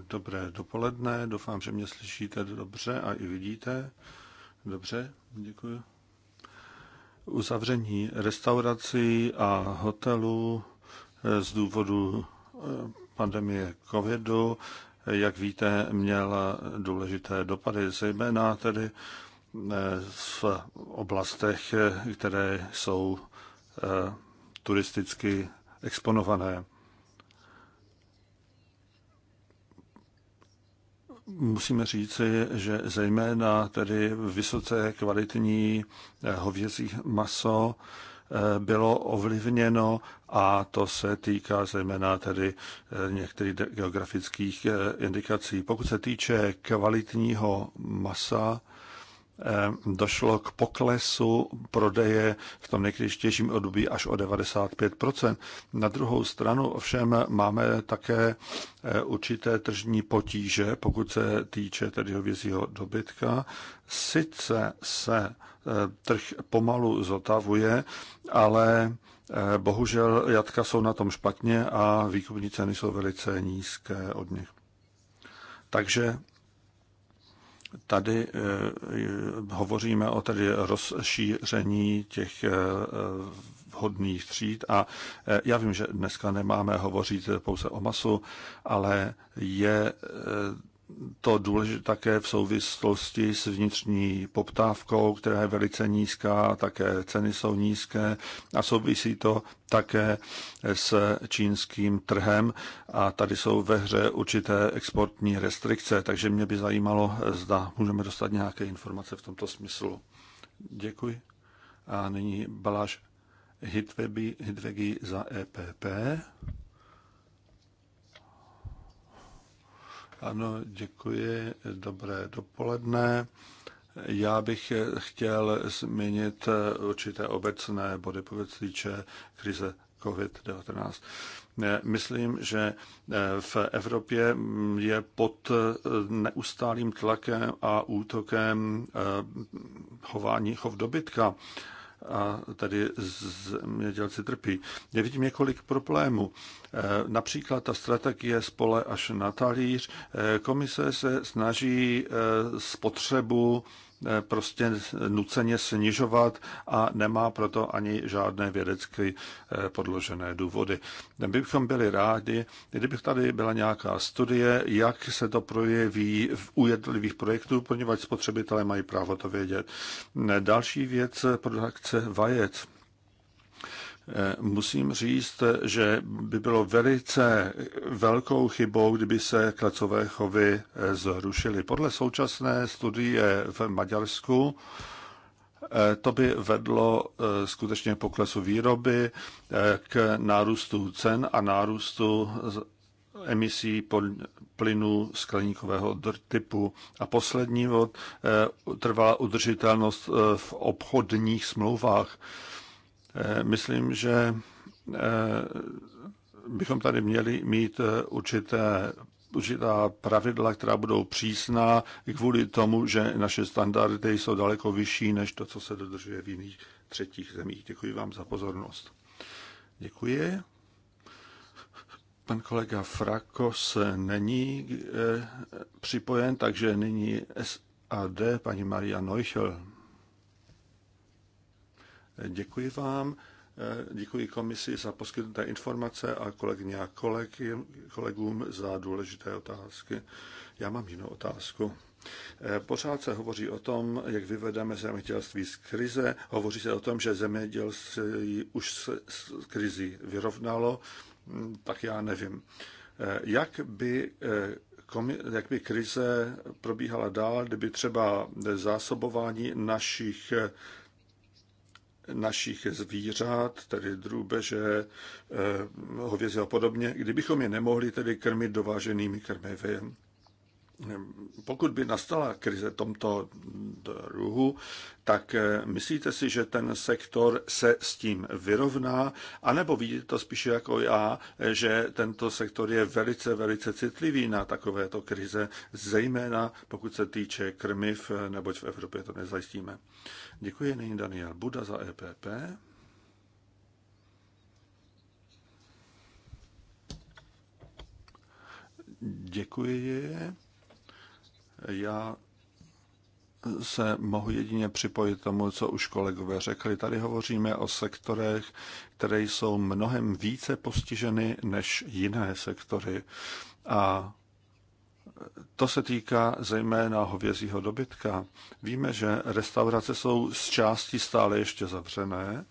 Speaker 6: Dobré dopoledne. Doufám, že mě slyšíte dobře a i vidíte. Dobře, děkuji. Uzavření restaurací a hotelů eh, z důvodu eh, pandemie covidu, jak víte, měla důležité dopady, zejména tedy eh, v oblastech, které jsou turisticky exponované. Musíme říci, že zejména tedy vysoce kvalitní eh, hovězí maso eh, bylo ovlivněno a to se týká zejména tedy eh, některých geografických indikací. Pokud se týče kvalitního masa, Eh, došlo k poklesu prodeje v tom nejkritičtějším období až o 95%. Na druhou stranu ovšem máme také eh, určité tržní potíže, pokud se týče tedy hovězího dobytka. Sice se eh, trh pomalu zotavuje, ale bohužel jatka jsou na tom špatně a výkupní ceny jsou velice nízké od nich. Takže tady eh, eh, hovoříme o tedy rozšíření těch eh, vhodných tříd a já vím, že dneska nemáme hovořit pouze o masu, ale je to důležité také v souvislosti s vnitřní poptávkou, která je velice nízká, také ceny jsou nízké a souvisí to také s čínským trhem a tady jsou ve hře určité exportní restrikce, takže mě by zajímalo, zda můžeme dostat nějaké informace v tomto smyslu. Děkuji. A nyní Baláš Hitvegi za EPP. Ano, děkuji. Dobré dopoledne. Já bych chtěl zmínit určité obecné body, pokud týče krize COVID-19. Myslím, že v Evropě je pod neustálým tlakem a útokem eh, chování chov dobytka a tady zemědělci trpí. Já vidím několik problémů. Eh, například ta strategie spole až na talíř. Eh, komise se snaží eh, spotřebu Eh, prostě nuceně snižovat a nemá proto ani žádné vědecky eh, podložené důvody. bychom byli rádi, kdyby tady byla nějaká studie, jak se to projeví v ujedlivých projektů, poněvadž spotřebitelé mají právo to vědět. Další věc, produkce vajec. Eh, musím říct, že by bylo velice velkou chybou, kdyby se klecové chovy eh, zrušily. Podle současné studie v Maďarsku eh, to by vedlo skutečně poklesu výroby k nárůstu cen a nárůstu emisí plynu skleníkového typu. A poslední bod trvá udržitelnost v obchodních smlouvách. Eh, myslím, že eh, bychom tady měli mít eh, určité určitá pravidla, která budou přísná kvůli tomu, že naše standardy jsou daleko vyšší než to, co se dodržuje v jiných třetích zemích. Děkuji vám za pozornost. Děkuji. Pan kolega Frakos není připojen, takže nyní SAD, paní Maria Neuchel. Děkuji vám, děkuji komisi za poskytnuté informace a kolegyně a kolegy, kolegům za důležité otázky. Já mám jinou otázku. Pořád se hovoří o tom, jak vyvedeme zemědělství z krize. Hovoří se o tom, že zemědělství už se z krizi vyrovnalo, tak já nevím. Jak by, jak by krize probíhala dál, kdyby třeba zásobování našich našich zvířat, tedy drůbeže, eh, hovězí a podobně, kdybychom je nemohli tedy krmit dováženými krmivy pokud by nastala krize tomto druhu, tak eh, myslíte si, že ten sektor se s tím vyrovná, anebo vidíte to spíše jako já, eh, že tento sektor je velice, velice citlivý na takovéto krize, zejména pokud se týče krmiv, eh, neboť v Evropě to nezajistíme. Děkuji, nyní Daniel Buda za EPP. Děkuji. Já se mohu jedině připojit tomu, co už kolegové řekli. Tady hovoříme o sektorech, které jsou mnohem více postiženy než jiné sektory. A to se týká zejména hovězího dobytka. Víme, že restaurace jsou z části stále ještě zavřené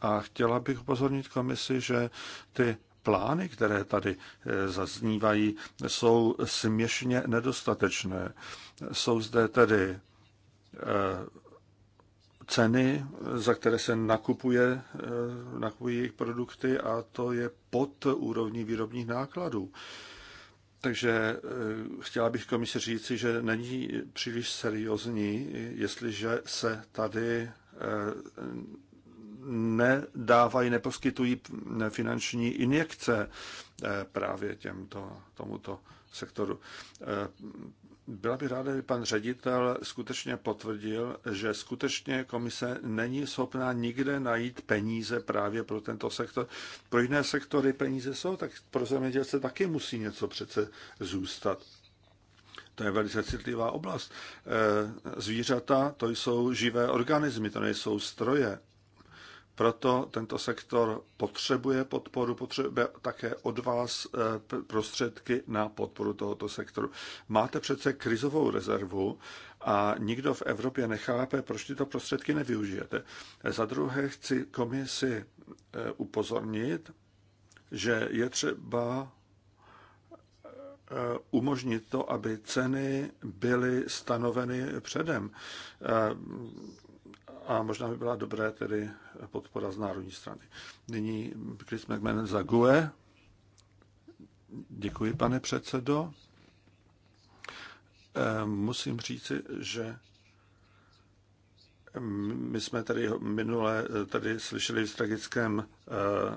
Speaker 6: a chtěla bych upozornit komisi, že ty plány, které tady eh, zaznívají, jsou směšně nedostatečné. Jsou zde tedy eh, ceny, za které se nakupuje, eh, nakupují jejich produkty a to je pod úrovní výrobních nákladů. Takže chtěla bych komisi říci, že není příliš seriózní, jestliže se tady nedávají, neposkytují finanční injekce eh, právě těmto, tomuto sektoru. Eh, byla by ráda, kdyby pan ředitel skutečně potvrdil, že skutečně komise není schopná nikde najít peníze právě pro tento sektor. Pro jiné sektory peníze jsou, tak pro zemědělce taky musí něco přece zůstat. To je velice citlivá oblast. Eh, zvířata to jsou živé organismy, to nejsou stroje. Proto tento sektor potřebuje podporu, potřebuje také od vás eh, prostředky na podporu tohoto sektoru. Máte přece krizovou rezervu a nikdo v Evropě nechápe, proč tyto prostředky nevyužijete. Za druhé chci komisi eh, upozornit, že je třeba eh, umožnit to, aby ceny byly stanoveny předem a možná by byla dobré tedy podpora z národní strany. Nyní Chris McMahon za GUE. Děkuji, pane předsedo. Eh, musím říci, že my jsme tady minule tady slyšeli v strategickém,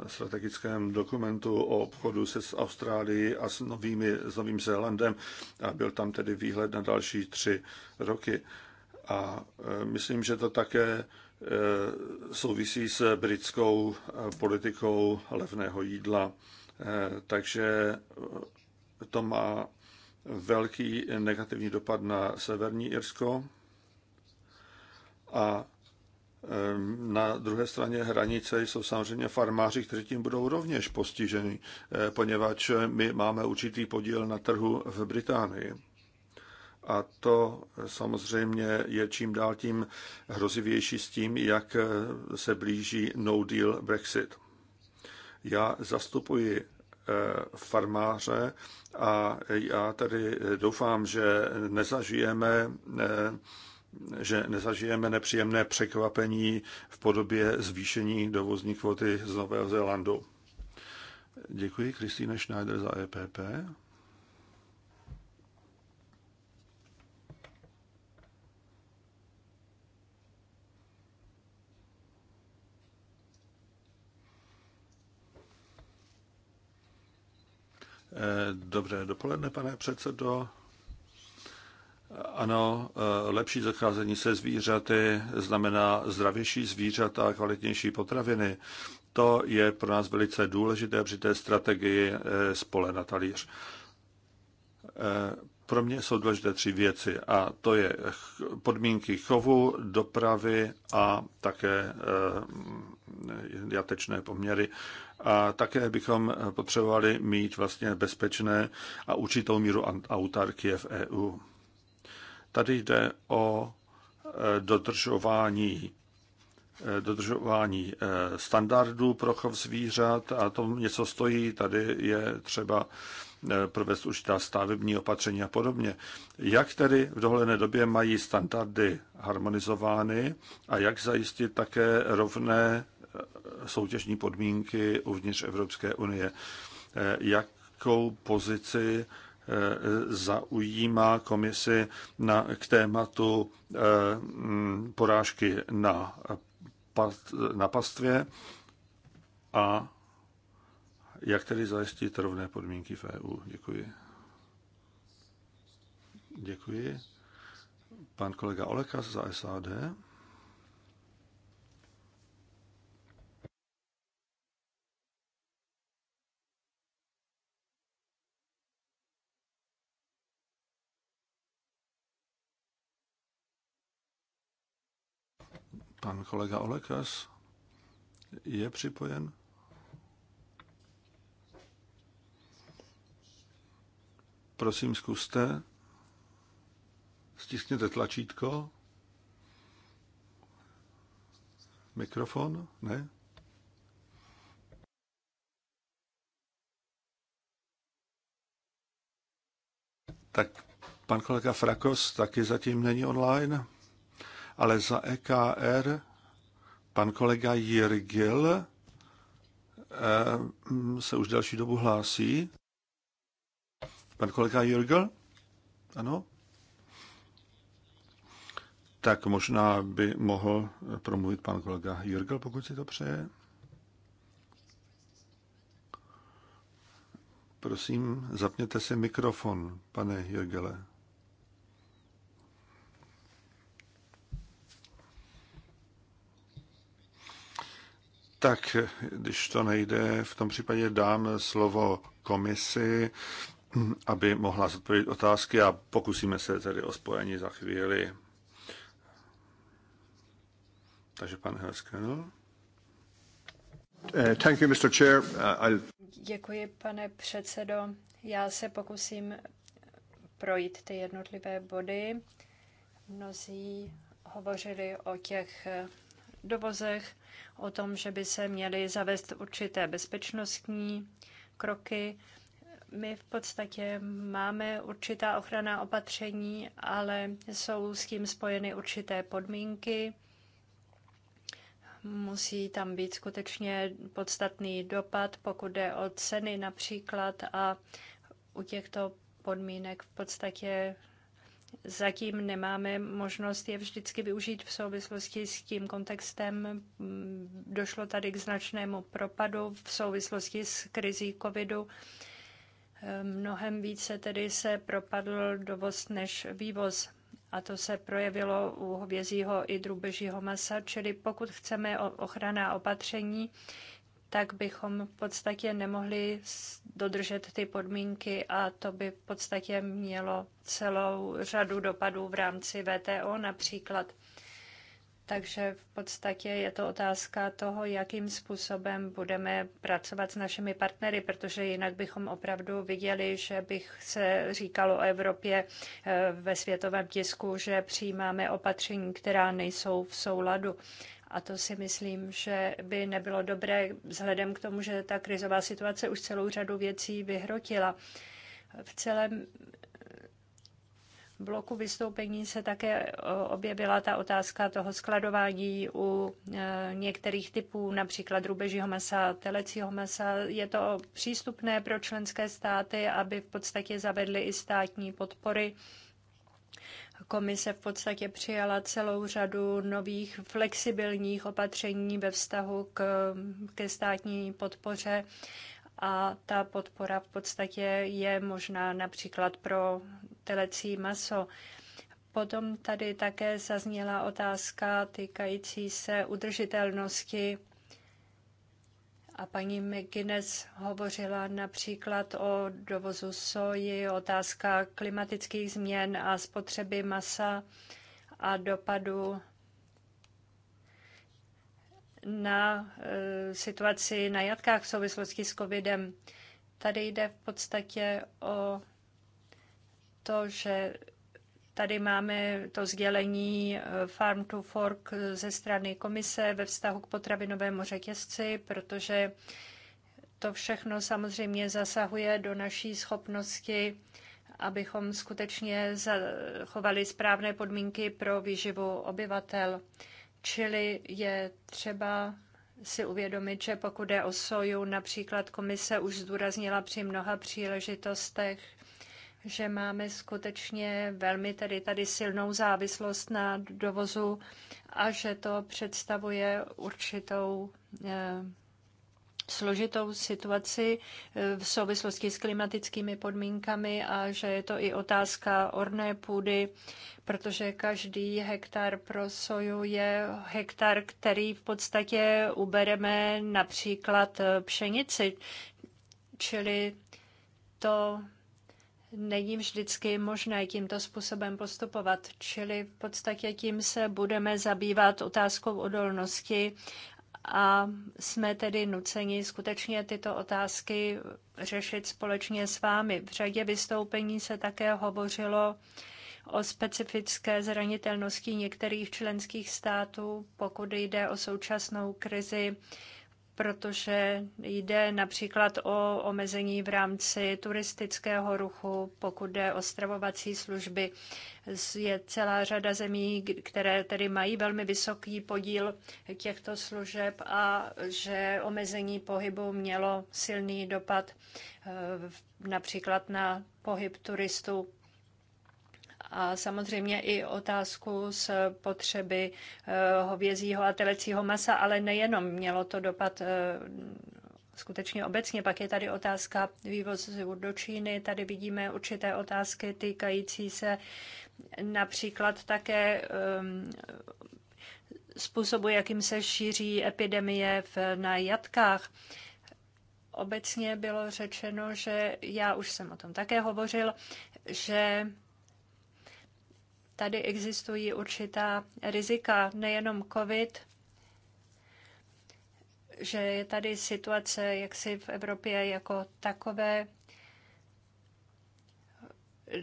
Speaker 6: eh, strategickém dokumentu o obchodu se s Austrálií a s, novými, s Novým Zélandem a byl tam tedy výhled na další tři roky. A e, myslím, že to také e, souvisí s britskou e, politikou levného jídla. Takže to má velký negativní dopad na severní Irsko. A na druhé straně hranice jsou samozřejmě farmáři, kteří tím budou rovněž postiženi, poněvadž my máme určitý podíl na trhu v Británii a to samozřejmě je čím dál tím hrozivější s tím, jak se blíží no deal Brexit. Já zastupuji eh, farmáře a já tady doufám, že nezažijeme eh, že nezažijeme nepříjemné překvapení v podobě zvýšení dovozní kvoty z Nového Zélandu. Děkuji Kristýne Schneider za EPP. Dobré dopoledne, pane předsedo. Ano, lepší zacházení se zvířaty znamená zdravější zvířata a kvalitnější potraviny. To je pro nás velice důležité při té strategii eh, spole na talíř. Eh, pro mě jsou důležité tři věci a to je podmínky chovu, dopravy a také eh, jatečné poměry. A také bychom potřebovali mít vlastně bezpečné a určitou míru autarkie v EU. Tady jde o eh, dodržování eh, dodržování standardů pro chov zvířat a to něco stojí. Tady je třeba Eh, provést určitá stavební opatření a podobně. Jak tedy v dohledné době mají standardy harmonizovány a jak zajistit také rovné eh, soutěžní podmínky uvnitř Evropské unie? Eh, jakou pozici zaujímá komisi na, k tématu mm, porážky na, na pastvě a jak tedy zajistit rovné podmínky v EU? Děkuji. Děkuji. Pan kolega Olekas za SAD. Pan kolega Olekas je připojen? Prosím, zkuste. Stiskněte tlačítko. Mikrofon? Ne? Tak pan kolega Frakos taky zatím není online, ale za EKR pan kolega Jirgil eh, se už další dobu hlásí. Pan kolega Jürgel? Ano? Tak možná by mohl promluvit pan kolega Jürgel, pokud si to přeje. Prosím, zapněte si mikrofon, pane Jürgele. Tak, když to nejde, v tom případě dám slovo komisi, aby mohla zodpovědět otázky a pokusíme se tedy o spojení za chvíli. Takže pan Helskenl.
Speaker 1: Eh, thank you, Mr. Chair. Eh,
Speaker 3: Děkuji, pane předsedo. Já se pokusím projít ty jednotlivé body. Mnozí hovořili o těch eh, dovozech, o tom, že by se měly zavést určité bezpečnostní kroky my v podstatě máme určitá ochranná opatření, ale jsou s tím spojeny určité podmínky. Musí tam být skutečně podstatný dopad, pokud jde o ceny například a u těchto podmínek v podstatě zatím nemáme možnost je vždycky využít v souvislosti s tím kontextem. Došlo tady k značnému propadu v souvislosti s krizí covidu. Mnohem více tedy se propadl dovoz než vývoz. A to se projevilo u hovězího i drubežího masa, čili pokud chceme ochrana opatření, tak bychom v podstatě nemohli dodržet ty podmínky a to by v podstatě mělo celou řadu dopadů v rámci VTO například. Takže v podstatě je to otázka toho, jakým způsobem budeme pracovat s našimi partnery, protože jinak bychom opravdu viděli, že bych se říkalo o Evropě eh, ve světovém tisku, že přijímáme opatření, která nejsou v souladu. A to si myslím, že by nebylo dobré, vzhledem k tomu, že ta krizová situace už celou řadu věcí vyhrotila. V celém bloku vystoupení se také e, objevila ta otázka toho skladování u e, některých typů, například rubežího masa, telecího masa. Je to přístupné pro členské státy, aby v podstatě zavedly i státní podpory. Komise v podstatě přijala celou řadu nových flexibilních opatření ve vztahu k, ke státní podpoře a ta podpora v podstatě je možná například pro telecí maso. Potom tady také zazněla otázka týkající se udržitelnosti a paní McGuinness hovořila například o dovozu soji, otázka klimatických změn a spotřeby masa a dopadu na e, situaci na jatkách v souvislosti s covidem. Tady jde v podstatě o to, že tady máme to sdělení eh, Farm to Fork eh, ze strany komise ve vztahu k potravinovému řetězci, protože to všechno samozřejmě zasahuje do naší schopnosti, abychom skutečně zachovali správné podmínky pro výživu obyvatel. Čili je třeba si uvědomit, že pokud je o soju, například komise už zdůraznila při mnoha příležitostech, že máme skutečně velmi tedy tady silnou závislost na dovozu a že to představuje určitou eh, složitou situaci eh, v souvislosti s klimatickými podmínkami a že je to i otázka orné půdy, protože každý hektar pro soju je hektar, který v podstatě ubereme například eh, pšenici. Čili to není vždycky možné tímto způsobem postupovat. Čili v podstatě tím se budeme zabývat otázkou odolnosti a jsme tedy nuceni skutečně tyto otázky řešit společně s vámi. V řadě vystoupení se také hovořilo o specifické zranitelnosti některých členských států, pokud jde o současnou krizi protože jde například o omezení v rámci turistického ruchu, pokud jde o stravovací služby. Je celá řada zemí, které tedy mají velmi vysoký podíl těchto služeb a že omezení pohybu mělo silný dopad eh, například na pohyb turistů a samozřejmě i otázku z potřeby eh, hovězího a telecího masa, ale nejenom mělo to dopad eh, skutečně obecně. Pak je tady otázka vývozu do Číny. Tady vidíme určité otázky týkající se například také ehm, způsobu, jakým se šíří epidemie v, na jatkách. Obecně bylo řečeno, že já už jsem o tom také hovořil, že tady existují určitá rizika, nejenom COVID, že je tady situace jaksi v Evropě jako takové.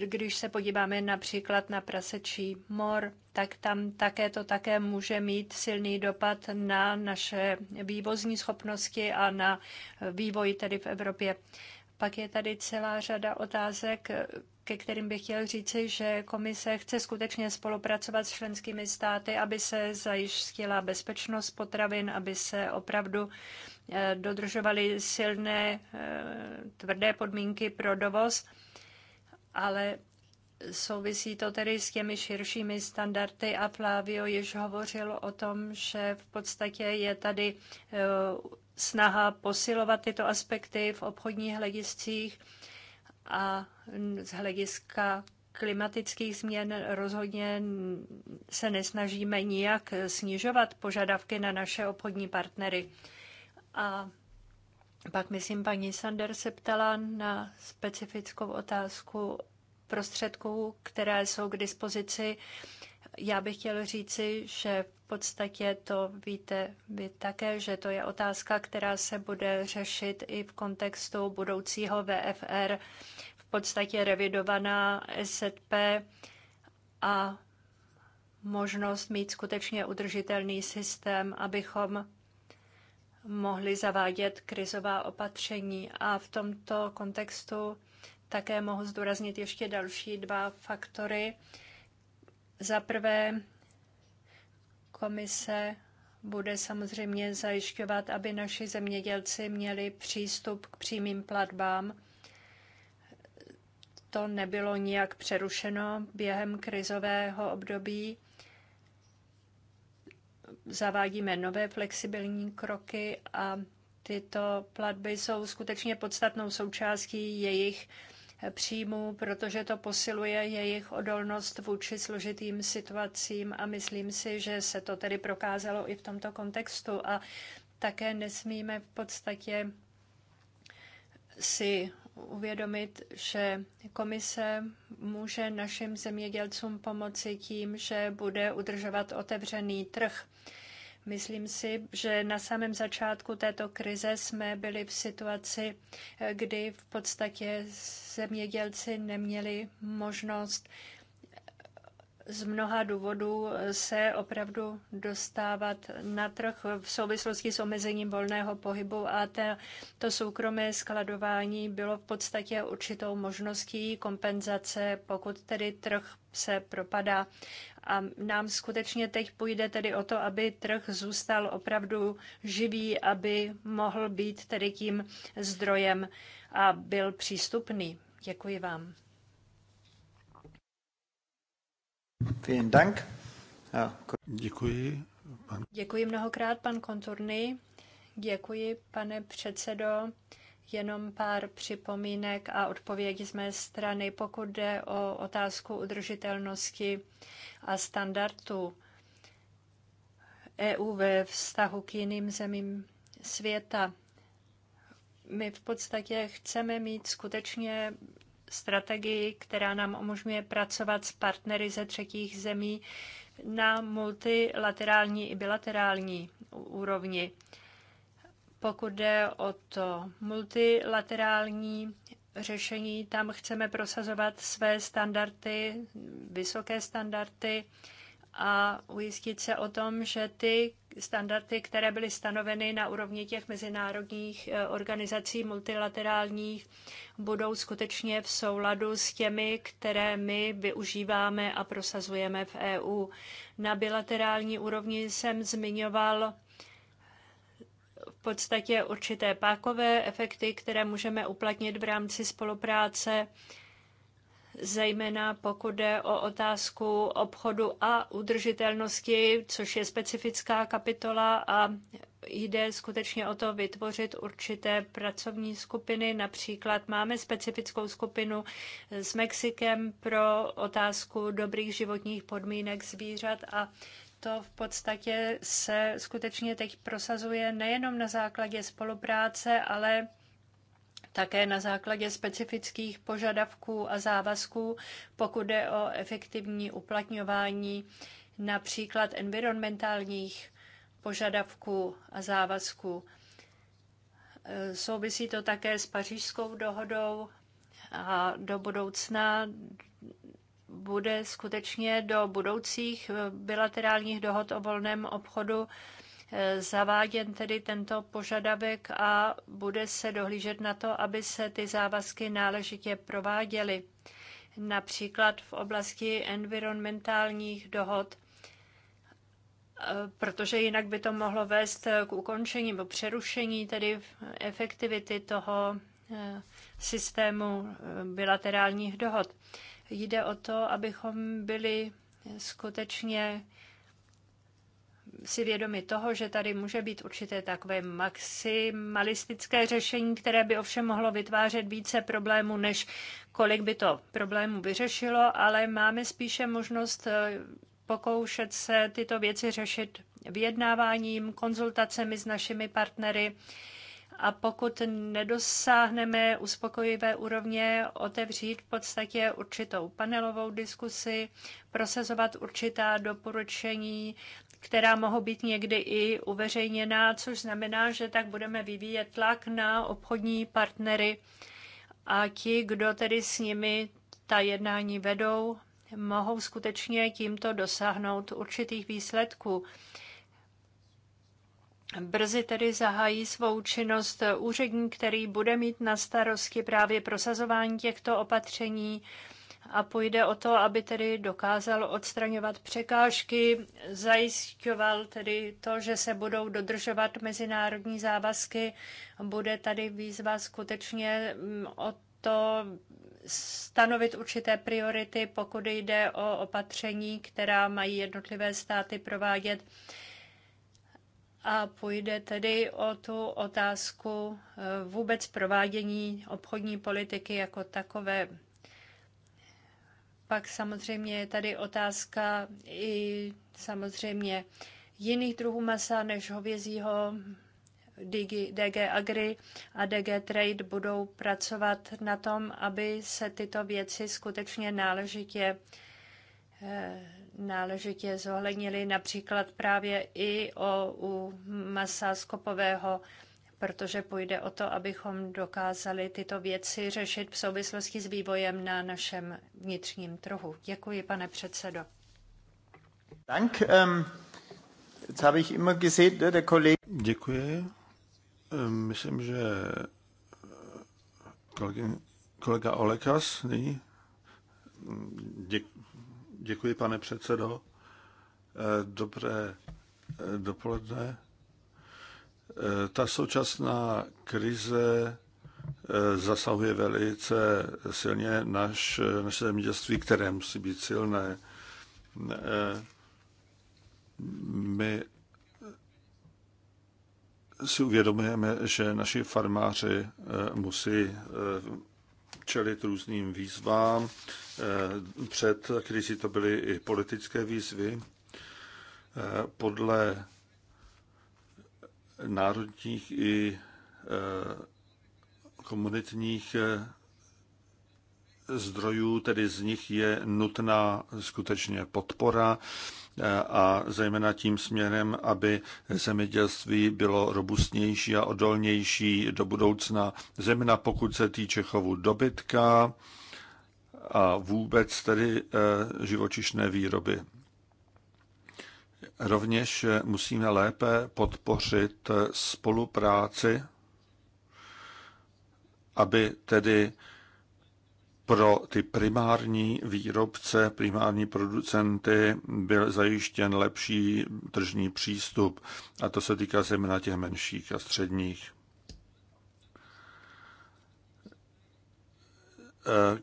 Speaker 3: Když se podíváme například na prasečí mor, tak tam také to také může mít silný dopad na naše vývozní schopnosti a na vývoj tedy v Evropě. Pak je tady celá řada otázek, ke kterým bych chtěl říci, že komise chce skutečně spolupracovat s členskými státy, aby se zajistila bezpečnost potravin, aby se opravdu eh, dodržovaly silné, eh, tvrdé podmínky pro dovoz, ale souvisí to tedy s těmi širšími standardy a Flavio již hovořil o tom, že v podstatě je tady eh, snaha posilovat tyto aspekty v obchodních hlediscích a z hlediska klimatických změn rozhodně se nesnažíme nijak snižovat požadavky na naše obchodní partnery. A pak, myslím, paní Sander se ptala na specifickou otázku prostředků, které jsou k dispozici já bych chtěl říci, že v podstatě to víte vy také, že to je otázka, která se bude řešit i v kontextu budoucího VFR, v podstatě revidovaná SZP a možnost mít skutečně udržitelný systém, abychom mohli zavádět krizová opatření. A v tomto kontextu také mohu zdůraznit ještě další dva faktory za prvé, komise bude samozřejmě zajišťovat, aby naši zemědělci měli přístup k přímým platbám. To nebylo nijak přerušeno během krizového období. Zavádíme nové flexibilní kroky a tyto platby jsou skutečně podstatnou součástí jejich příjmů, protože to posiluje jejich odolnost vůči složitým situacím a myslím si, že se to tedy prokázalo i v tomto kontextu a také nesmíme v podstatě si uvědomit, že komise může našim zemědělcům pomoci tím, že bude udržovat otevřený trh. Myslím si, že na samém začátku této krize jsme byli v situaci, kdy v podstatě zemědělci neměli možnost z mnoha důvodů se opravdu dostávat na trh v souvislosti s omezením volného pohybu a ta, to soukromé skladování bylo v podstatě určitou možností kompenzace, pokud tedy trh se propadá. A nám skutečně teď půjde tedy o to, aby trh zůstal opravdu živý, aby mohl být tedy tím zdrojem a byl přístupný. Děkuji vám.
Speaker 1: Vielen Dank. Děkuji. Pan...
Speaker 3: Děkuji mnohokrát, pan Konturny. Děkuji, pane předsedo. Jenom pár připomínek a odpovědi z mé strany, pokud jde o otázku udržitelnosti a standardu EU ve vztahu k jiným zemím světa. My v podstatě chceme mít skutečně strategii, která nám umožňuje pracovat s partnery ze třetích zemí na multilaterální i bilaterální úrovni pokud jde o to multilaterální řešení, tam chceme prosazovat své standardy, vysoké standardy a ujistit se o tom, že ty standardy, které byly stanoveny na úrovni těch mezinárodních eh, organizací multilaterálních, budou skutečně v souladu s těmi, které my využíváme a prosazujeme v EU. Na bilaterální úrovni jsem zmiňoval v podstatě určité pákové efekty, které můžeme uplatnit v rámci spolupráce, zejména pokud jde o otázku obchodu a udržitelnosti, což je specifická kapitola a jde skutečně o to vytvořit určité pracovní skupiny. Například máme specifickou skupinu s Mexikem pro otázku dobrých životních podmínek zvířat a to v podstatě se skutečně teď prosazuje nejenom na základě spolupráce, ale také na základě specifických požadavků a závazků, pokud jde o efektivní uplatňování například environmentálních požadavků a závazků. E, souvisí to také s pařížskou dohodou a do budoucna bude skutečně do budoucích eh, bilaterálních dohod o volném obchodu eh, zaváděn tedy tento požadavek a bude se dohlížet na to, aby se ty závazky náležitě prováděly. Například v oblasti environmentálních dohod, eh, protože jinak by to mohlo vést k ukončení nebo přerušení tedy efektivity toho systému bilaterálních dohod. Jde o to, abychom byli skutečně si vědomi toho, že tady může být určité takové maximalistické řešení, které by ovšem mohlo vytvářet více problémů, než kolik by to problémů vyřešilo, ale máme spíše možnost eh, pokoušet se tyto věci řešit vyjednáváním, konzultacemi s našimi partnery a pokud nedosáhneme uspokojivé úrovně, otevřít v podstatě určitou panelovou diskusi, prosazovat určitá doporučení, která mohou být někdy i uveřejněná, což znamená, že tak budeme vyvíjet tlak na obchodní partnery a ti, kdo tedy s nimi ta jednání vedou, mohou skutečně tímto dosáhnout určitých výsledků. Brzy tedy zahájí svou činnost úředník, který bude mít na starosti právě prosazování těchto opatření a půjde o to, aby tedy dokázal odstraňovat překážky, zajišťoval tedy to, že se budou dodržovat mezinárodní závazky. Bude tady výzva skutečně mm, o to stanovit určité priority, pokud jde o opatření, která mají jednotlivé státy provádět a půjde tedy o tu otázku eh, vůbec provádění obchodní politiky jako takové. Pak samozřejmě je tady otázka i samozřejmě jiných druhů masa než hovězího. DG, DG Agri a DG Trade budou pracovat na tom, aby se tyto věci skutečně náležitě eh, náležitě zohlednili například právě i o, u masa skopového, protože půjde o to, abychom dokázali tyto věci řešit v souvislosti s vývojem na našem vnitřním trhu. Děkuji, pane předsedo.
Speaker 1: Dank. Um, jetzt habe ich immer gesehen, der Kollege... Děkuji. Ähm, myslím, že kolega
Speaker 6: Olekas nyní. Děkuji. Děkuji, pane předsedo. Eh, dobré eh, dopoledne. Eh, ta současná krize zasahuje velice silně naš, naše zemědělství, které musí být silné. My si uvědomujeme, že naši farmáři musí čelit různým výzvám. Eh, před krizi to byly i politické výzvy. Eh, podle národních i eh, komunitních zdrojů, tedy z nich je nutná skutečně podpora a zejména tím směrem, aby zemědělství bylo robustnější a odolnější do budoucna, zejména pokud se týče chovu dobytka a vůbec tedy eh, živočišné výroby. Rovněž eh, musíme lépe podpořit eh, spolupráci, aby tedy pro ty primární výrobce, primární producenty byl zajištěn lepší tržní přístup a to se týká zejména těch menších a středních. Eh,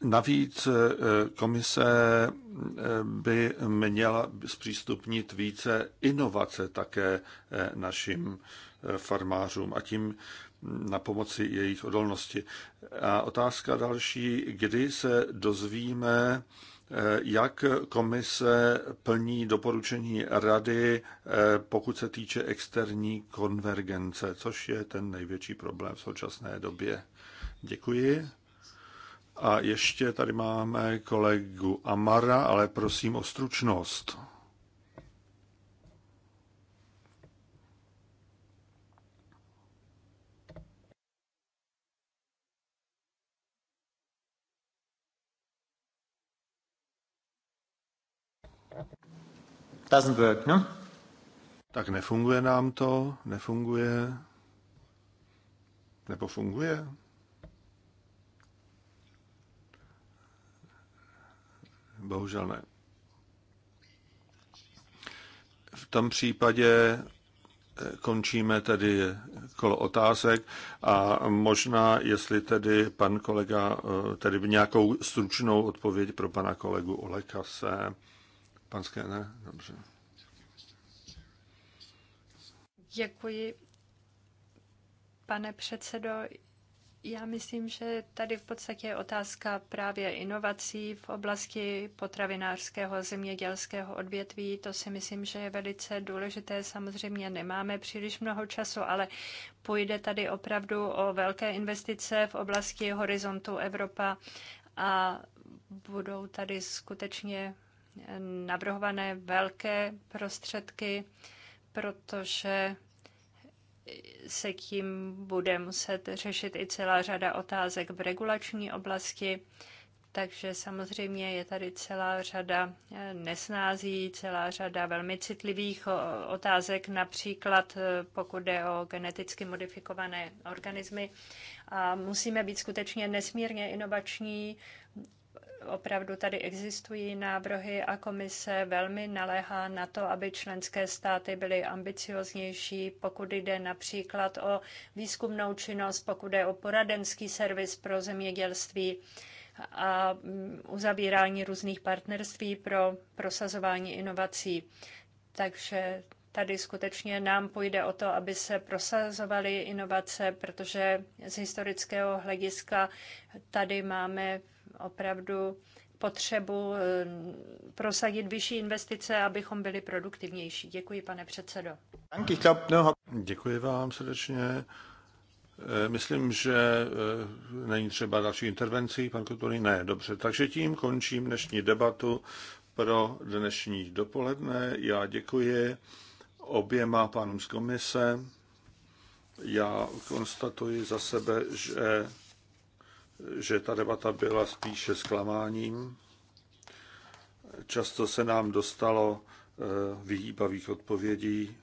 Speaker 6: navíc eh, komise eh, by měla zpřístupnit více inovace také našim farmářům a tím na pomoci jejich odolnosti. A otázka další, kdy se dozvíme, eh, jak komise plní doporučení rady, eh, pokud se týče externí konvergence, což je ten největší problém v současné době. Děkuji. A ještě tady máme kolegu Amara, ale prosím o stručnost. Doesn't work, no? Tak nefunguje nám to, nefunguje. Nebo funguje? Bohužel ne. V tom případě eh, končíme tedy kolo otázek a možná, jestli tedy pan kolega, eh, tedy nějakou stručnou odpověď pro pana kolegu Olekase. Panské ne? Dobře.
Speaker 3: Děkuji, pane předsedo. Já myslím, že tady v podstatě je otázka právě inovací v oblasti potravinářského zemědělského odvětví. To si myslím, že je velice důležité. Samozřejmě nemáme příliš mnoho času, ale půjde tady opravdu o velké investice v oblasti horizontu Evropa a budou tady skutečně navrhované velké prostředky, protože se tím bude muset řešit i celá řada otázek v regulační oblasti. Takže samozřejmě je tady celá řada eh, nesnází, celá řada velmi citlivých otázek, například eh, pokud jde o geneticky modifikované organismy. A musíme být skutečně nesmírně inovační, opravdu tady existují návrhy a komise velmi naléhá na to, aby členské státy byly ambicioznější, pokud jde například o výzkumnou činnost, pokud jde o poradenský servis pro zemědělství a mm, uzavírání různých partnerství pro prosazování inovací. Takže tady skutečně nám půjde o to, aby se prosazovaly inovace, protože z historického hlediska tady máme opravdu potřebu eh, prosadit vyšší investice, abychom byli produktivnější. Děkuji, pane předsedo.
Speaker 1: No,
Speaker 6: děkuji vám srdečně. Eh, myslím, že eh, není třeba další intervencí, pan Kulturní? Ne, dobře. Takže tím končím dnešní debatu pro dnešní dopoledne. Já děkuji oběma pánům z komise. Já konstatuji za sebe, že že ta debata byla spíše zklamáním. Často se nám dostalo eh, vyhýbavých odpovědí.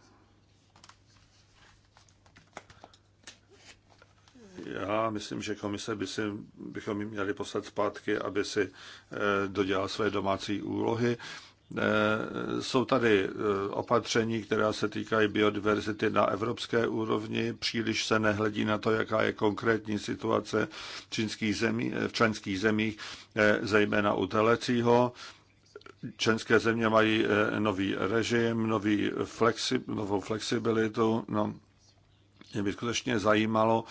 Speaker 6: Já myslím, že komise by si, bychom jim měli poslat zpátky, aby si eh, dodělal své domácí úlohy Eh, jsou tady eh, opatření, která se týkají biodiverzity na evropské úrovni. Příliš se nehledí na to, jaká je konkrétní situace v, zemí, eh, v členských zemích, zejména u telecího. Členské země mají nový režim, nový flexi, novou flexibilitu. No, mě by skutečně zajímalo,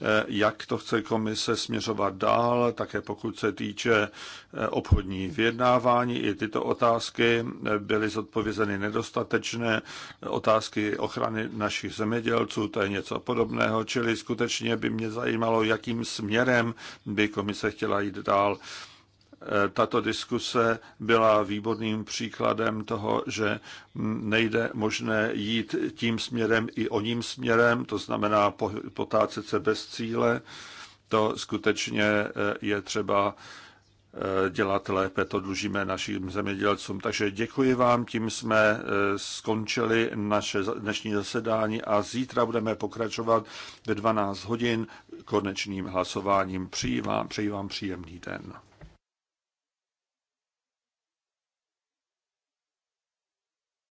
Speaker 6: Eh, jak to chce komise směřovat dál, také pokud se týče eh, obchodní vyjednávání. I tyto otázky eh, byly zodpovězeny nedostatečné. Otázky ochrany našich zemědělců, to je něco podobného, čili skutečně by mě zajímalo, jakým směrem by komise chtěla jít dál. Eh, tato diskuse byla výborným příkladem toho, že mm, nejde možné jít tím směrem i o ním směrem, to znamená potácet se bez cíle. To skutečně eh, je třeba eh, dělat lépe, to dlužíme našim zemědělcům. Takže děkuji vám, tím jsme skončili naše dnešní zasedání a zítra budeme pokračovat ve 12 hodin konečným hlasováním. Přeji
Speaker 7: vám, přeji vám příjemný den.